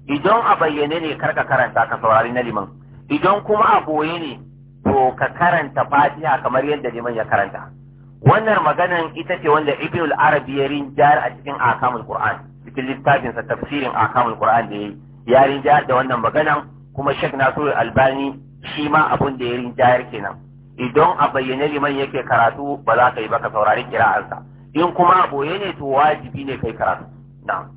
idan a bayyane ne karka karanta ka saurari na liman idan kuma a boye ne to ka karanta fatiha kamar yadda liman ya karanta wannan maganan ita ce wanda ibnul arabi ya rinjar a cikin akamul qur'an cikin littafinsa tafsirin akamul qur'an da ya rinjar da wannan maganan kuma shek nasiru albani shi ma abun da ya rinjayar kenan idan a bayyane liman yake karatu ba za ka yi ba ka saurari kira'arsa in kuma a boye ne to wajibi ne kai karatu na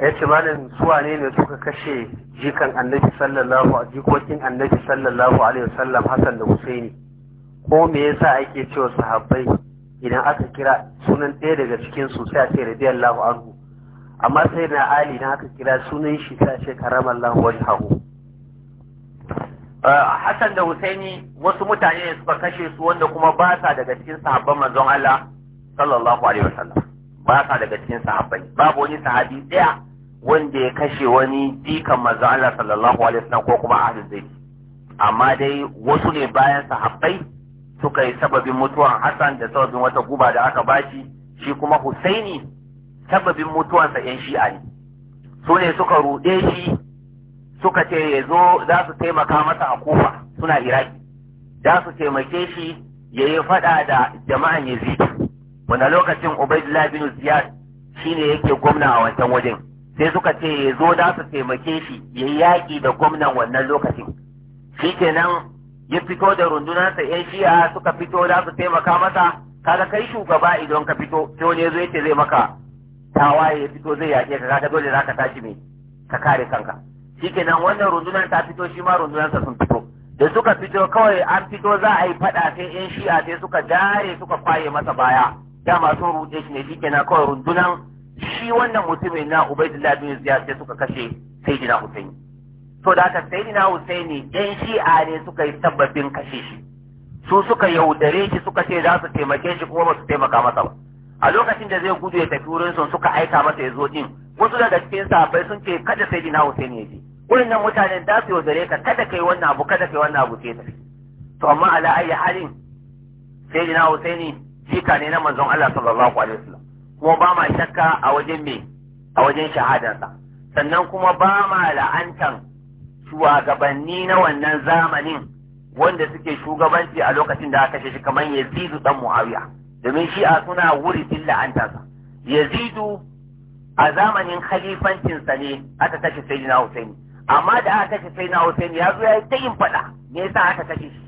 ya ce malam suwa ne ne suka kashe jikan annabi sallallahu jikokin annabi sallallahu alaihi wasallam hasan da husaini ko me yasa ake cewa sahabbai idan aka kira sunan ɗaya daga cikin su sai a ce radiyallahu anhu amma sai na ali na aka kira sunan shi sai a ce karamallahu wajhahu Ah, Hassan da Husaini wasu mutane ne suka kashe su wanda kuma ba sa daga cikin sahabban manzon Allah sallallahu alaihi wasallam ba sa daga cikin sahabbai babu wani sahabi daya wanda ya kashe wani dikan manzon Allah sallallahu alaihi wasallam ko kuma ahlul bait amma dai wasu ne bayan sahabbai suka yi sababin mutuwan Hassan da sababin wata guba da aka bashi shi kuma Husaini sababin mutuwansa yan shi'a ne su ne suka ruɗe shi suka ce ya zo za su taimaka masa a kufa suna iraki za su taimake shi ya yi faɗa da jama'an yazid wanda lokacin ubaidullah bin ziyad shine yake gwamna a wancan wajen sai suka ce ya zo za su taimake shi ya yi yaƙi da gwamnan wannan lokacin shi kenan ya fito da rundunarsa yan shiya suka fito za su taimaka masa kaga kai shugaba idan ka fito sai wani ya zo yace zai maka tawaye ya fito zai yaƙe ka kaga dole za ka tashi mai ka kare kanka shikenan wannan rundunar ta fito shi ma rundunar sa sun fito da suka fito kawai an fito za a yi faɗa sai yan shi'a sai suka dare suka kwaye masa baya Da sun rute shi ne shikenan kawai rundunar shi wannan mutumin na Ubaidullah bin Ziyad sai suka kashe Sayyidina Hussein to da haka Sayyidina Hussein yan shi'a ne suka yi sababbin kashe shi su suka yaudare shi suka ce za su taimake shi kuma ba su taimaka masa ba a lokacin da zai gudu ya tafi wurin sun suka aika masa ya zo din wasu daga cikin sahabbai sun ce kada dina Hussein ya je wannan mutane da su yaudare ka kada kai wannan abu kada kai wannan abu ke tafi to amma ala ayi halin sai ina Husaini shika ne na manzon Allah sallallahu alaihi wasallam kuma ba ma shakka a wajen me a wajen shahadarsa sannan kuma ba ma la'antan shugabanni na wannan zamanin wanda suke shugabanci a lokacin da aka shi kamar Yazidu dan Muawiya domin a suna wuri fil la'antarsa Yazidu a zamanin halifancinsa ne aka kashe Sayyidina Husaini amma da aka kashe sai na Hussein ya zo ya yi ta yin faɗa me yasa aka kashe shi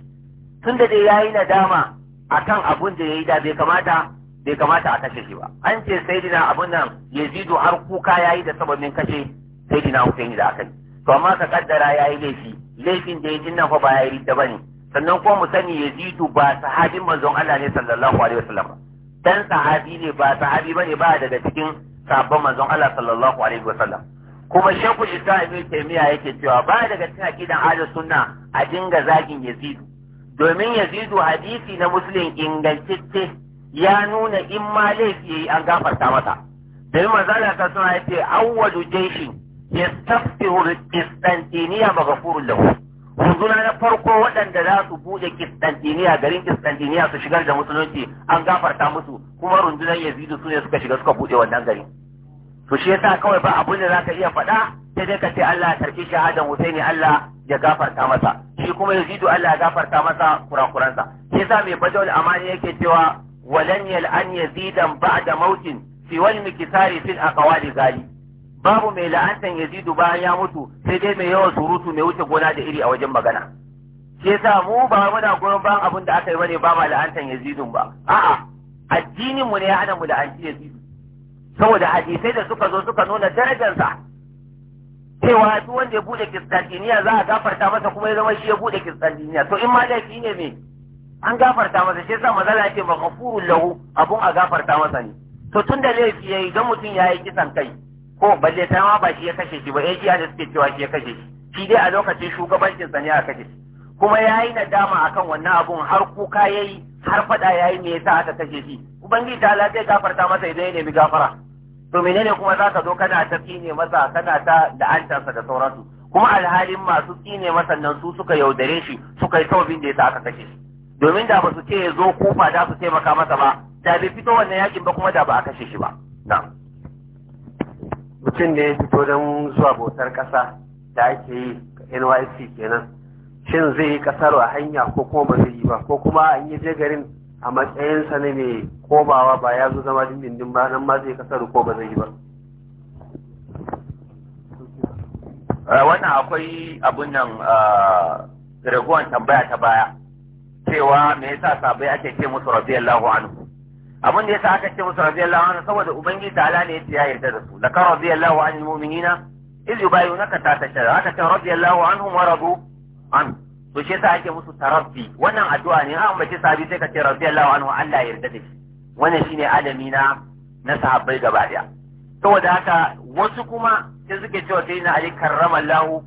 tun da dai ya yi nadama akan abun da ya yi da bai kamata bai kamata a kashe shi ba an ce saidina abun nan yazidu har kuka ya yi da sababin kashe saidina Hussein da aka yi to amma ka kaddara ya yi laifi laifin da ya ji nan fa ba ya yi da bane sannan kuma mu sani yazidu ba sahabin manzon Allah ne sallallahu alaihi wasallam ba dan sahabi ne ba sahabi bane ba daga cikin sabon manzon Allah sallallahu alaihi wasallam kuma Shehu islam ibn taymiya yake cewa ba daga cikin aqidan ahlus sunna a dinga zagin yazidu domin yazidu hadisi na muslim ingantacce ya nuna in ma laifi yayi an gafarta masa dan manzala ka suna yace awwalu jayshin yastaftihu al-qistantiniya maghfurun lahu runduna na farko waɗanda za su buɗe kistantiniya garin kistantiniya su shigar da musulunci an gafarta musu kuma rundunar yazidu su ne suka shiga suka buɗe wannan garin to shi yasa kawai ba abun da ka iya faɗa sai dai ka ce Allah ya tarki shahadan Husaini Allah ya gafarta masa shi kuma Yazidu Allah ya gafarta masa kurakuransa shi yasa mai bajawul amani yake cewa walan yal'an yazidan ba'da mautin fi wal mikisari fil aqwali gali babu mai la'antan yazidu bayan ya mutu sai dai mai yawan surutu mai wuce gona da iri a wajen magana shi yasa mu ba muna goyon ban abin da aka yi bane ba ma la'antan yazidun ba a'a addinin mu ne ya hana mu la'anci yazidu saboda hadisai da suka zo suka nuna darajarsa cewa duk wanda ya bude kistantiniya za a gafarta masa kuma ya zama shi ya bude kistantiniya to in ma laifi ne me an gafarta masa shi yasa maza ya ce maghfurul lahu abun a gafarta masa ne to tun da laifi yayi don mutum ya yi kisan kai ko balle ta ma ba shi ya kashe shi ba eh jiya da suke cewa shi ya kashe shi shi dai a lokacin shugabancin sa ne a kashe shi kuma yayi nadama akan wannan abun har kuka yayi har fada yayi me yasa aka kashe shi ubangiji ta Allah zai gafarta masa idan ya nemi gafara to menene kuma za ka zo kana ta tsine masa kana ta da'antarsa da sauransu kuma alhalin masu tsine masa nan su suka yaudare shi suka yi sababin da ya sa aka kashe shi domin da ba su ce ya zo kofa da su taimaka masa ba da bai fito wannan yakin ba kuma da ba a kashe shi ba na mutum ne ya fito don zuwa bautar kasa da ake yi NYC kenan shin zai yi ƙasar a hanya ko kuma ba zai yi ba ko kuma an yi je garin a matsayinsa ne mai kobawa ba ya zo zama dindindin ba nan ma zai kasar ko ba zai yi ba eh, wannan akwai abun nan ah, ragowar tambaya ta baya cewa me yasa sabai ake ce musu radiyallahu anhu abin da yasa aka ce musu radiyallahu anhu saboda ubangiji ala ne ya yarda da su laka radiyallahu anil mu'minina iz yubayunaka ta tashara aka ce radiyallahu anhum wa radu anhu to shi yasa ake musu tarabbi wannan addu'a ne an bace sahabi sai ka ce radiyallahu anhu Allah ya yarda da shi wannan shine alami na na sahabbai gaba daya saboda haka wasu kuma sai suke cewa sai na ali Allah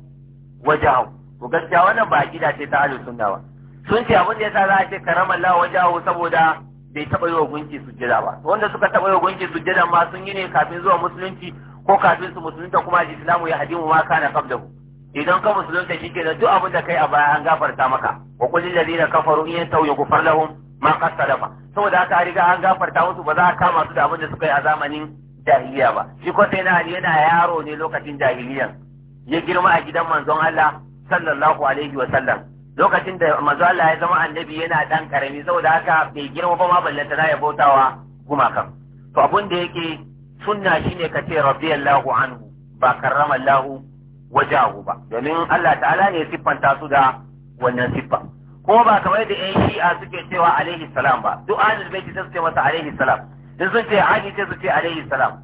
wajahu to gaskiya wannan ba aqida ce ta ahlus sunna ba sun ce abin da yasa za a ce Allah wajahu saboda bai taba yi wa gunki sujjada ba wanda suka taba yi wa gunki sujjada ma sun yi ne kafin zuwa musulunci ko kafin su musulunta kuma islamu ya hadimu ma kana qablahu idan ka musulunta shi kenan duk abin da kai a baya an gafarta maka wa kulli ladina kafaru in yantau yughfar lahum ma qasalafa saboda haka riga an gafarta musu ba za a kama su da abin da suka yi a zamanin jahiliya ba shi ko sai na yana yaro ne lokacin jahiliyan ya girma a gidan manzon Allah sallallahu alaihi wa sallam lokacin da manzon Allah ya zama annabi yana dan karami saboda haka bai girma ba ma ballanta na ya bautawa gumakan to abin da yake sunna shine ka ce radiyallahu anhu ba karrama wajahu ba domin Allah ta'ala ne siffanta su da wannan siffa kuma ba kamar da yan shi'a suke cewa alaihi salam ba duk ahlul baiti sai suke masa alaihi salam in sun ce ali sai su ce alaihi salam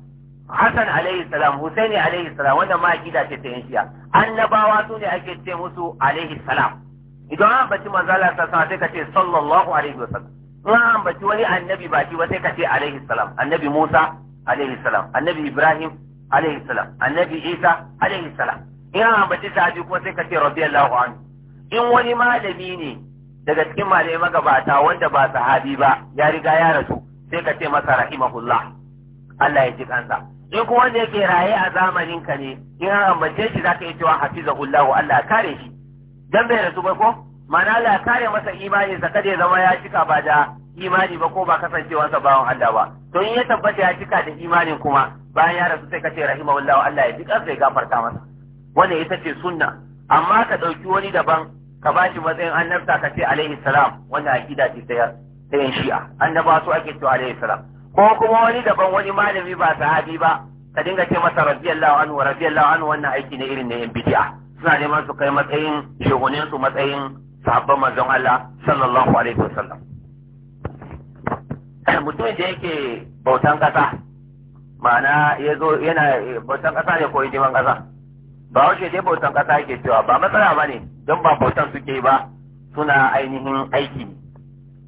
hasan alaihi salam husaini alaihi salam wannan ma akida ce ta yan shi'a annabawa su ne ake ce musu alaihi salam idan an baci manzo Allah ta sai ka ce sallallahu alaihi wasallam in an ambaci wani annabi ba shi ba sai ka ce alaihi salam annabi Musa alaihi salam annabi Ibrahim alaihi salam annabi Isa alaihi salam in an ambaci sahabi kuma sai ka ce Allahu anhu in wani malami ne daga cikin malamai magabata wanda ba sahabi ba ya riga ya rasu sai ka ce masa rahimahullah Allah ya ji kansa in kuma wanda yake raye a zamanin ka ne in an ambace shi zaka iya cewa hafizahullah Allah ya kare shi dan bai rasu ba ko ma'ana Allah ya kare masa imani sa kada ya zama ya cika ba da imani ba ko ba kasancewarsa bawan Allah ba to in ya tabbata ya cika da imanin kuma bayan ya rasu sai ka ce rahimahullah Allah ya ji kansa ya gafarta masa wannan ita ce sunna amma ka ɗauki wani daban ka ba shi matsayin annabta ka ce alaihi salam wannan akida ce ta yan shi'a annaba su ake cewa alaihi salam ko kuma wani daban wani malami ba sahabi ba ka dinga ce masa radiyallahu anhu radiyallahu anhu wannan aiki ne irin na yan bid'a suna neman su kai matsayin shehunin su matsayin sahabban manzon Allah sallallahu alaihi wasallam mutumin da yake bautan kasa ma'ana yana bautan kasa ne ko hidiman kasa ba wace dai bautan kasa yake cewa ba matsala ba ne don ba bautan suke ba suna ainihin aiki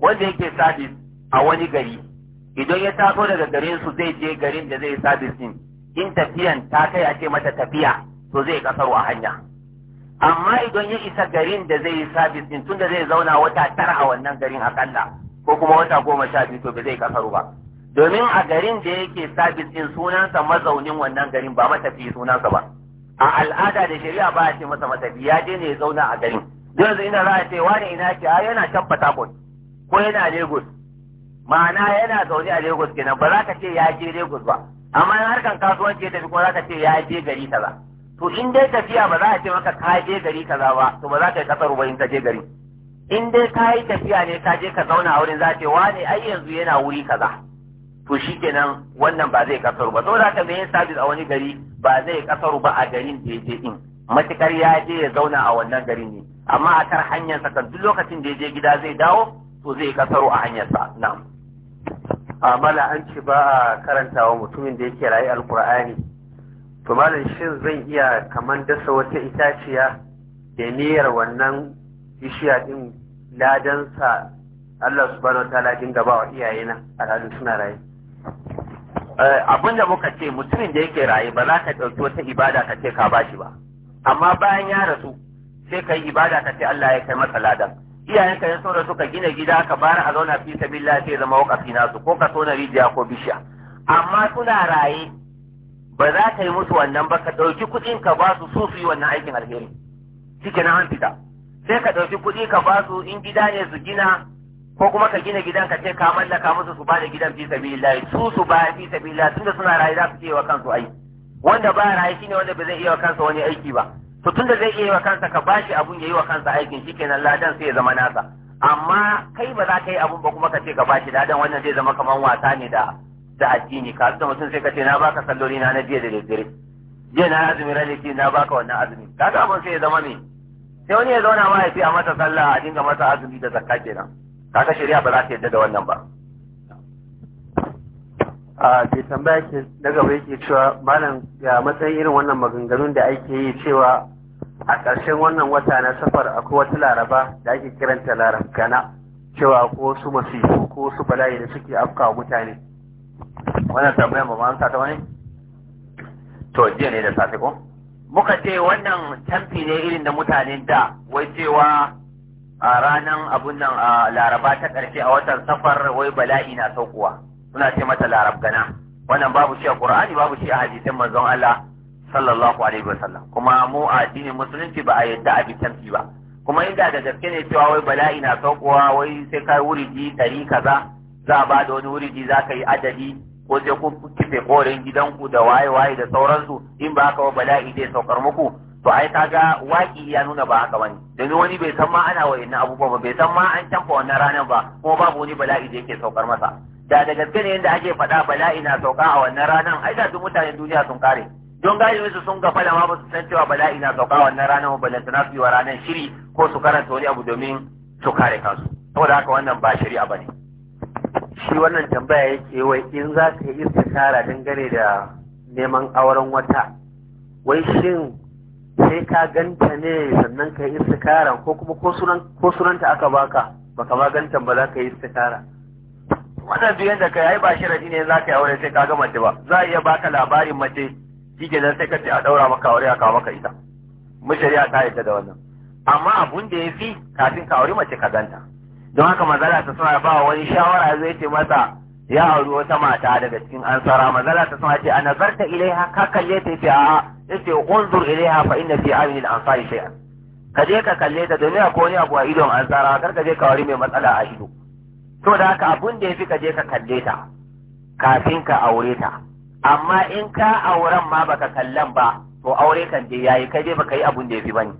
wanda yake sabis a wani gari idan ya taso daga garin su zai je garin da zai sabis din in tafiyan ta kai a ce mata tafiya to zai kasaro a hanya amma idan ya isa garin da zai yi sabis din tunda zai zauna wata tara a wannan garin akalla ko kuma wata goma sha biyu to ba zai kasaro ba domin a garin da yake sabis din sunansa mazaunin wannan garin ba matafi sunansa ba a al'ada da shari'a ba a ce masa masa ya je ne ya zauna a garin yanzu ina za a ce wani ina ce a yana can Port ko yana Lagos ma'ana yana zaune a Lagos kenan ba za ka ce ya je Lagos ba amma in harkan kasuwanci ya tafi ko za ka ce ya je gari kaza to in dai tafiya ba za a ce maka ka je gari kaza ba to ba za ka yi kasar ba in ka je gari in dai ka yi tafiya ne ka je ka zauna a wurin za a ce wani ai yanzu yana wuri kaza to kenan, wannan ba zai kasaru ba saboda haka mai sabis a wani gari ba zai kasaru ba a garin da yake din matukar ya je ya zauna a wannan garin ne amma a kan hanyar sa duk lokacin da ya je gida zai dawo to zai kasaru a hanyar sa na'am amala an ce ba a karantawa mutumin da yake rayu alqur'ani to malam shin zan iya kaman dasa wata itaciya da niyyar wannan bishiya din ladansa Allah subhanahu wa ta'ala dinga ba wa iyayena a suna rayu Eh, abin da muka ce mutumin da yake raye ba za ka ɗauki wata ibada ka ce ka bashi ba amma bayan ya rasu sai ka yi ibada ka ce Allah ya kai masa ladan iyayen ka sun rasu ka gina gida ka bara a zauna fi sabilillah sai zama wakafi nasu ko ka tona rijiya ko bishiya amma suna raye ba za ka yi musu wannan ba ka ɗauki kuɗin ka ba su su yi wannan aikin alheri cikin an fita sai ka ɗauki kuɗi ka ba su in gida ne su gina ko kuma ka gina gidan ka ce ka mallaka musu su bada gidan fi sabilillah su su ba fi sabilillah tunda suna rayu za su iya wa kansu aiki wanda ba rayu shine wanda ba zai iya wa kansa wani aiki ba to tunda zai iya wa kansa ka bashi abun yayi wa kansa aikin shikenan ladan sai ya zama nasa amma kai ba za ka yi abun ba kuma ka ce ka bashi ladan wannan zai zama kamar wasa ne da da addini ka da mutum sai ka ce na baka sallori na na jiya da daddare jiya na azumi raliki na baka wannan azumi kaga abun sai ya zama ne sai wani ya zauna ma ya fi a masa sallah a dinga masa azumi da zakka kenan kaga shari'a ba za ta yadda da wannan ba a ke tambaya ke na gaba yake cewa malam ya matsayin irin wannan maganganun da ake yi cewa a ƙarshen wannan wata na safar akwai wata laraba da ake kiranta larabgana cewa ko su masifu ko su bala'i da suke afkawa mutane wannan tambayar ba ma ta wani to jiya ne da safe ko muka ce wannan tamfi ne irin da mutanen da wai cewa a ranar abun nan a laraba ta ƙarshe a watan safar wai bala'i na saukowa suna ce mata larabgana wannan babu shi a qur'ani babu shi a hadisin manzon Allah sallallahu alaihi wasallam kuma mu a addinin musulunci ba a yadda a bi ba kuma inda da gaske ne cewa wai bala'i na saukowa wai sai kai ji tari kaza za a ba da wani ji za ka yi adadi ko je ku kife koren gidanku da waye waye da sauransu in ba haka wa bala'i zai saukar muku to ai kaga waki ya nuna ba haka bane domin wani bai san ma ana inna abubuwa ba bai san ma an canfa wannan ranar ba kuma babu wani bala'i da yake saukar masa da da gaske ne inda ake faɗa bala'i na sauka a wannan ranar ai da duk mutanen duniya sun kare don galibin su sun da ma ba su san cewa bala'i na sauka a wannan ranar ba lantana su yi wa ranar shiri ko su karanta wani abu domin su kare kansu saboda haka wannan ba shari'a bane shi wannan tambaya yake wai in za ka yi istikara dangane da neman auren wata wai shin sai ka ganta ne sannan ka yi istikaran ko kuma ko sunanta aka baka baka ba ganta ba za ka yi istikara wannan biyan da kai yi ba sharadi ne za ka yi aure sai ka ga mace ba za a iya baka labarin mace shi ke sai ka ce a daura maka aure a kawo maka ita mu shari'a ta da wannan amma abun da ya fi kafin ka aure mace ka ganta don haka mazala ta suna ba wani shawara zai ce masa ya auri wata mata daga cikin ansara mazala ta suna ce a nazarta ilai ka kalle ta ce a'a yace unzur ilaiha fa inna fi amin al-ansari shay'a ka je ka kalle ta domin akwai wani abu a idon ansara kar ka je ka wari mai matsala a ido to da haka abun da yafi ka je ka kalle ta kafin ka aure ta amma in ka auren ma baka kallan ba to aure kan je yayi kai dai baka yi abun da yafi bane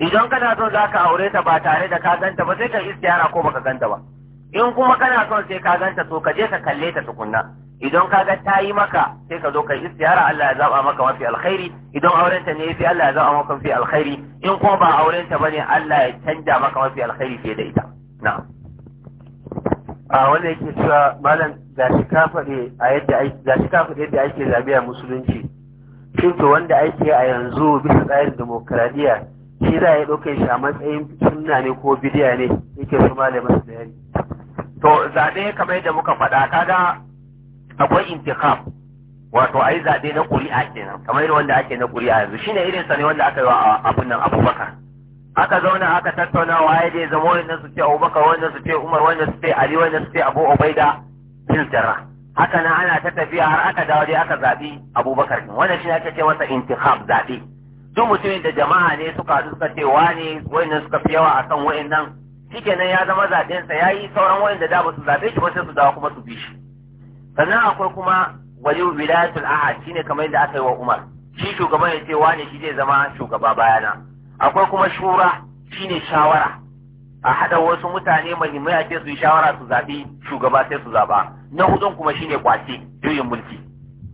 idan kana so zaka aure ta ba tare da ka ganta ba sai ka istiyara ko baka ganta ba in kuma kana son sai ka ganta to ka je ka kalle ta tukunna idan ka ga ta yi maka sai ka zo ka yi istiyara Allah ya zaba maka mafi alkhairi idan auren ta ne sai Allah ya zaba maka mafi alkhairi in kuma ba auren ta bane Allah ya canja maka mafi alkhairi fiye da ita na'am a wanda yake cewa malam gashi ka faɗe a yadda gashi ka faɗe yadda ake zabiya a musulunci shin to wanda ake a yanzu bisa tsarin demokradiya shi za a yi ɗaukar shi a matsayin sunna ne ko bidiya ne yake su malamin su bayani to zaɓe kamar yadda muka faɗa kaga akwai intikam wato ai zaɓe na ƙuri'a kenan kamar irin wanda ake na ƙuri'a yanzu shine irin sa ne wanda aka yi wa abun nan abubakar aka zauna aka tattauna waye zai zama wannan su ce abubakar wannan su ce umar wannan su ce ali wannan su ce abu ubaida bin jarra haka nan ana ta tafiya har aka dawo dai aka zaɓi abubakar wannan shi ake ce masa intikhab zaɓe duk mutumin da jama'a ne suka haɗu suka ce wane wannan suka fi yawa akan wa'annan shikenan ya zama zaben sa yayi sauran wanda da ba su zabe shi ba sai su dawo kuma su bi shi sannan akwai kuma wali wilayatul ahad shine kamar yadda aka yi wa Umar shi shugaban ya ce wane shi zai zama shugaba bayana akwai kuma shura shine shawara a hada wasu mutane muhimmai a ce su shawara su zabi shugaba sai su zaba na hudun kuma shine kwace juyin mulki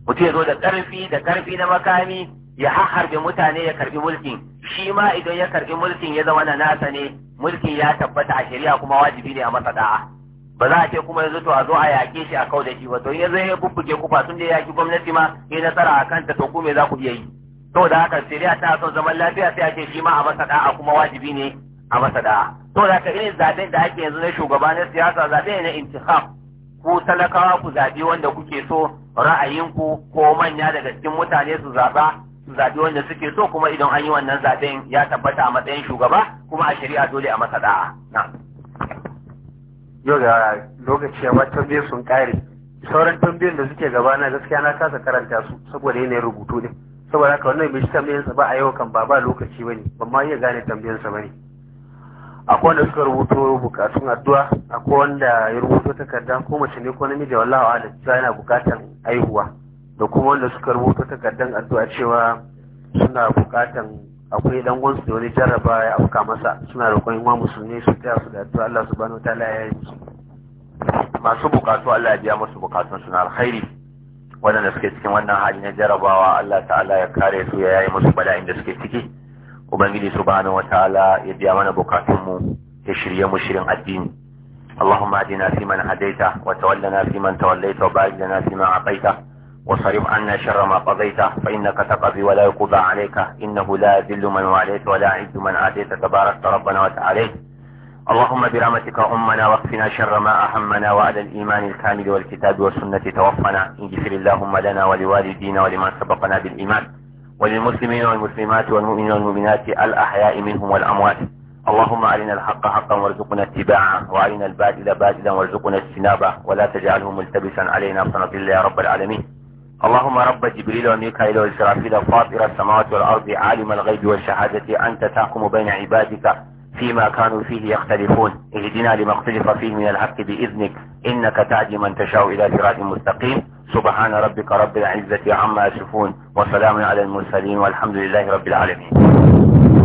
mutum ya zo da karfi da karfi na makami ya harbe mutane ya karbi mulkin shi ma idan ya karbi mulkin ya zama na nasa ne mulki ya tabbata a shari'a kuma wajibi ne a masa da'a ba za a ce kuma yanzu to a zo a yaƙe shi a kau da shi ba to yanzu ya bubbuge ku fa tun da yaki gwamnati ma ya nasara a kanta to ku me za ku iya yi to da haka shari'a ta son zaman lafiya sai a ce shi ma a masa da'a kuma wajibi ne a masa da'a to da haka irin zaben da ake yanzu na shugaba na siyasa zaben ne na intihab ku talakawa ku zabi wanda kuke so ra'ayinku ko manya daga cikin mutane su zaba zaɓi wanda suke so kuma idan an yi wannan zaɓen ya tabbata a matsayin shugaba kuma a shari'a dole a masa da'a na yau da lokaci ya wata biyu sun ƙare sauran tambayar da suke gaba na gaskiya na kasa karanta su saboda yanayin rubutu ne saboda haka wannan bai tambayin sa ba a yau kan ba ba lokaci bane ban ma iya gane tambayin sa bane akwai wanda suka rubuto bukatun addu'a akwai wanda ya rubuto takarda ko mace ne ko namiji wallahi a'lam yana bukatan aihuwa da kuma wanda suka rubuta takardar addu'a cewa suna bukatan akwai dan gwansu da wani jarraba ya afka masa suna roƙon yin musulmi su taya su da addu'a Allah subhanahu ta'ala ya yi musu masu bukatu Allah ya biya musu bukatun suna alkhairi da suke cikin wannan hali na jarrabawa Allah ta'ala ya kare su ya yayi musu bala'in da suke ciki ubangiji subhanahu wataala ya biya mana bukatun mu ya shirye mu shirin addini اللهم اهدنا فيمن هديت وتولنا فيمن توليت وبارك لنا فيما اعطيت واصرف عنا شر ما قضيت فإنك تقضي ولا يقضى عليك إنه لا يذل من واليت ولا عز من عاديت تبارك ربنا وتعالى اللهم برحمتك أمنا واقفنا شر ما أهمنا وعلى الإيمان الكامل والكتاب والسنة توفنا اغفر اللهم لنا ولوالدينا ولمن سبقنا بالإيمان وللمسلمين والمسلمات والمؤمنين والمؤمنات الأحياء منهم والأموات اللهم علينا الحق حقا وارزقنا اتباعه وعلينا الباطل باطلا وارزقنا اجتنابه ولا تجعله ملتبسا علينا فنضل يا رب العالمين اللهم رب جبريل وميكائيل وإسرافيل فاطر السماوات والأرض عالم الغيب والشهادة أنت تحكم بين عبادك فيما كانوا فيه يختلفون اهدنا لما اختلف فيه من الحق بإذنك إنك تعدي من تشاء إلى صراط مستقيم سبحان ربك رب العزة عما يصفون وسلام على المرسلين والحمد لله رب العالمين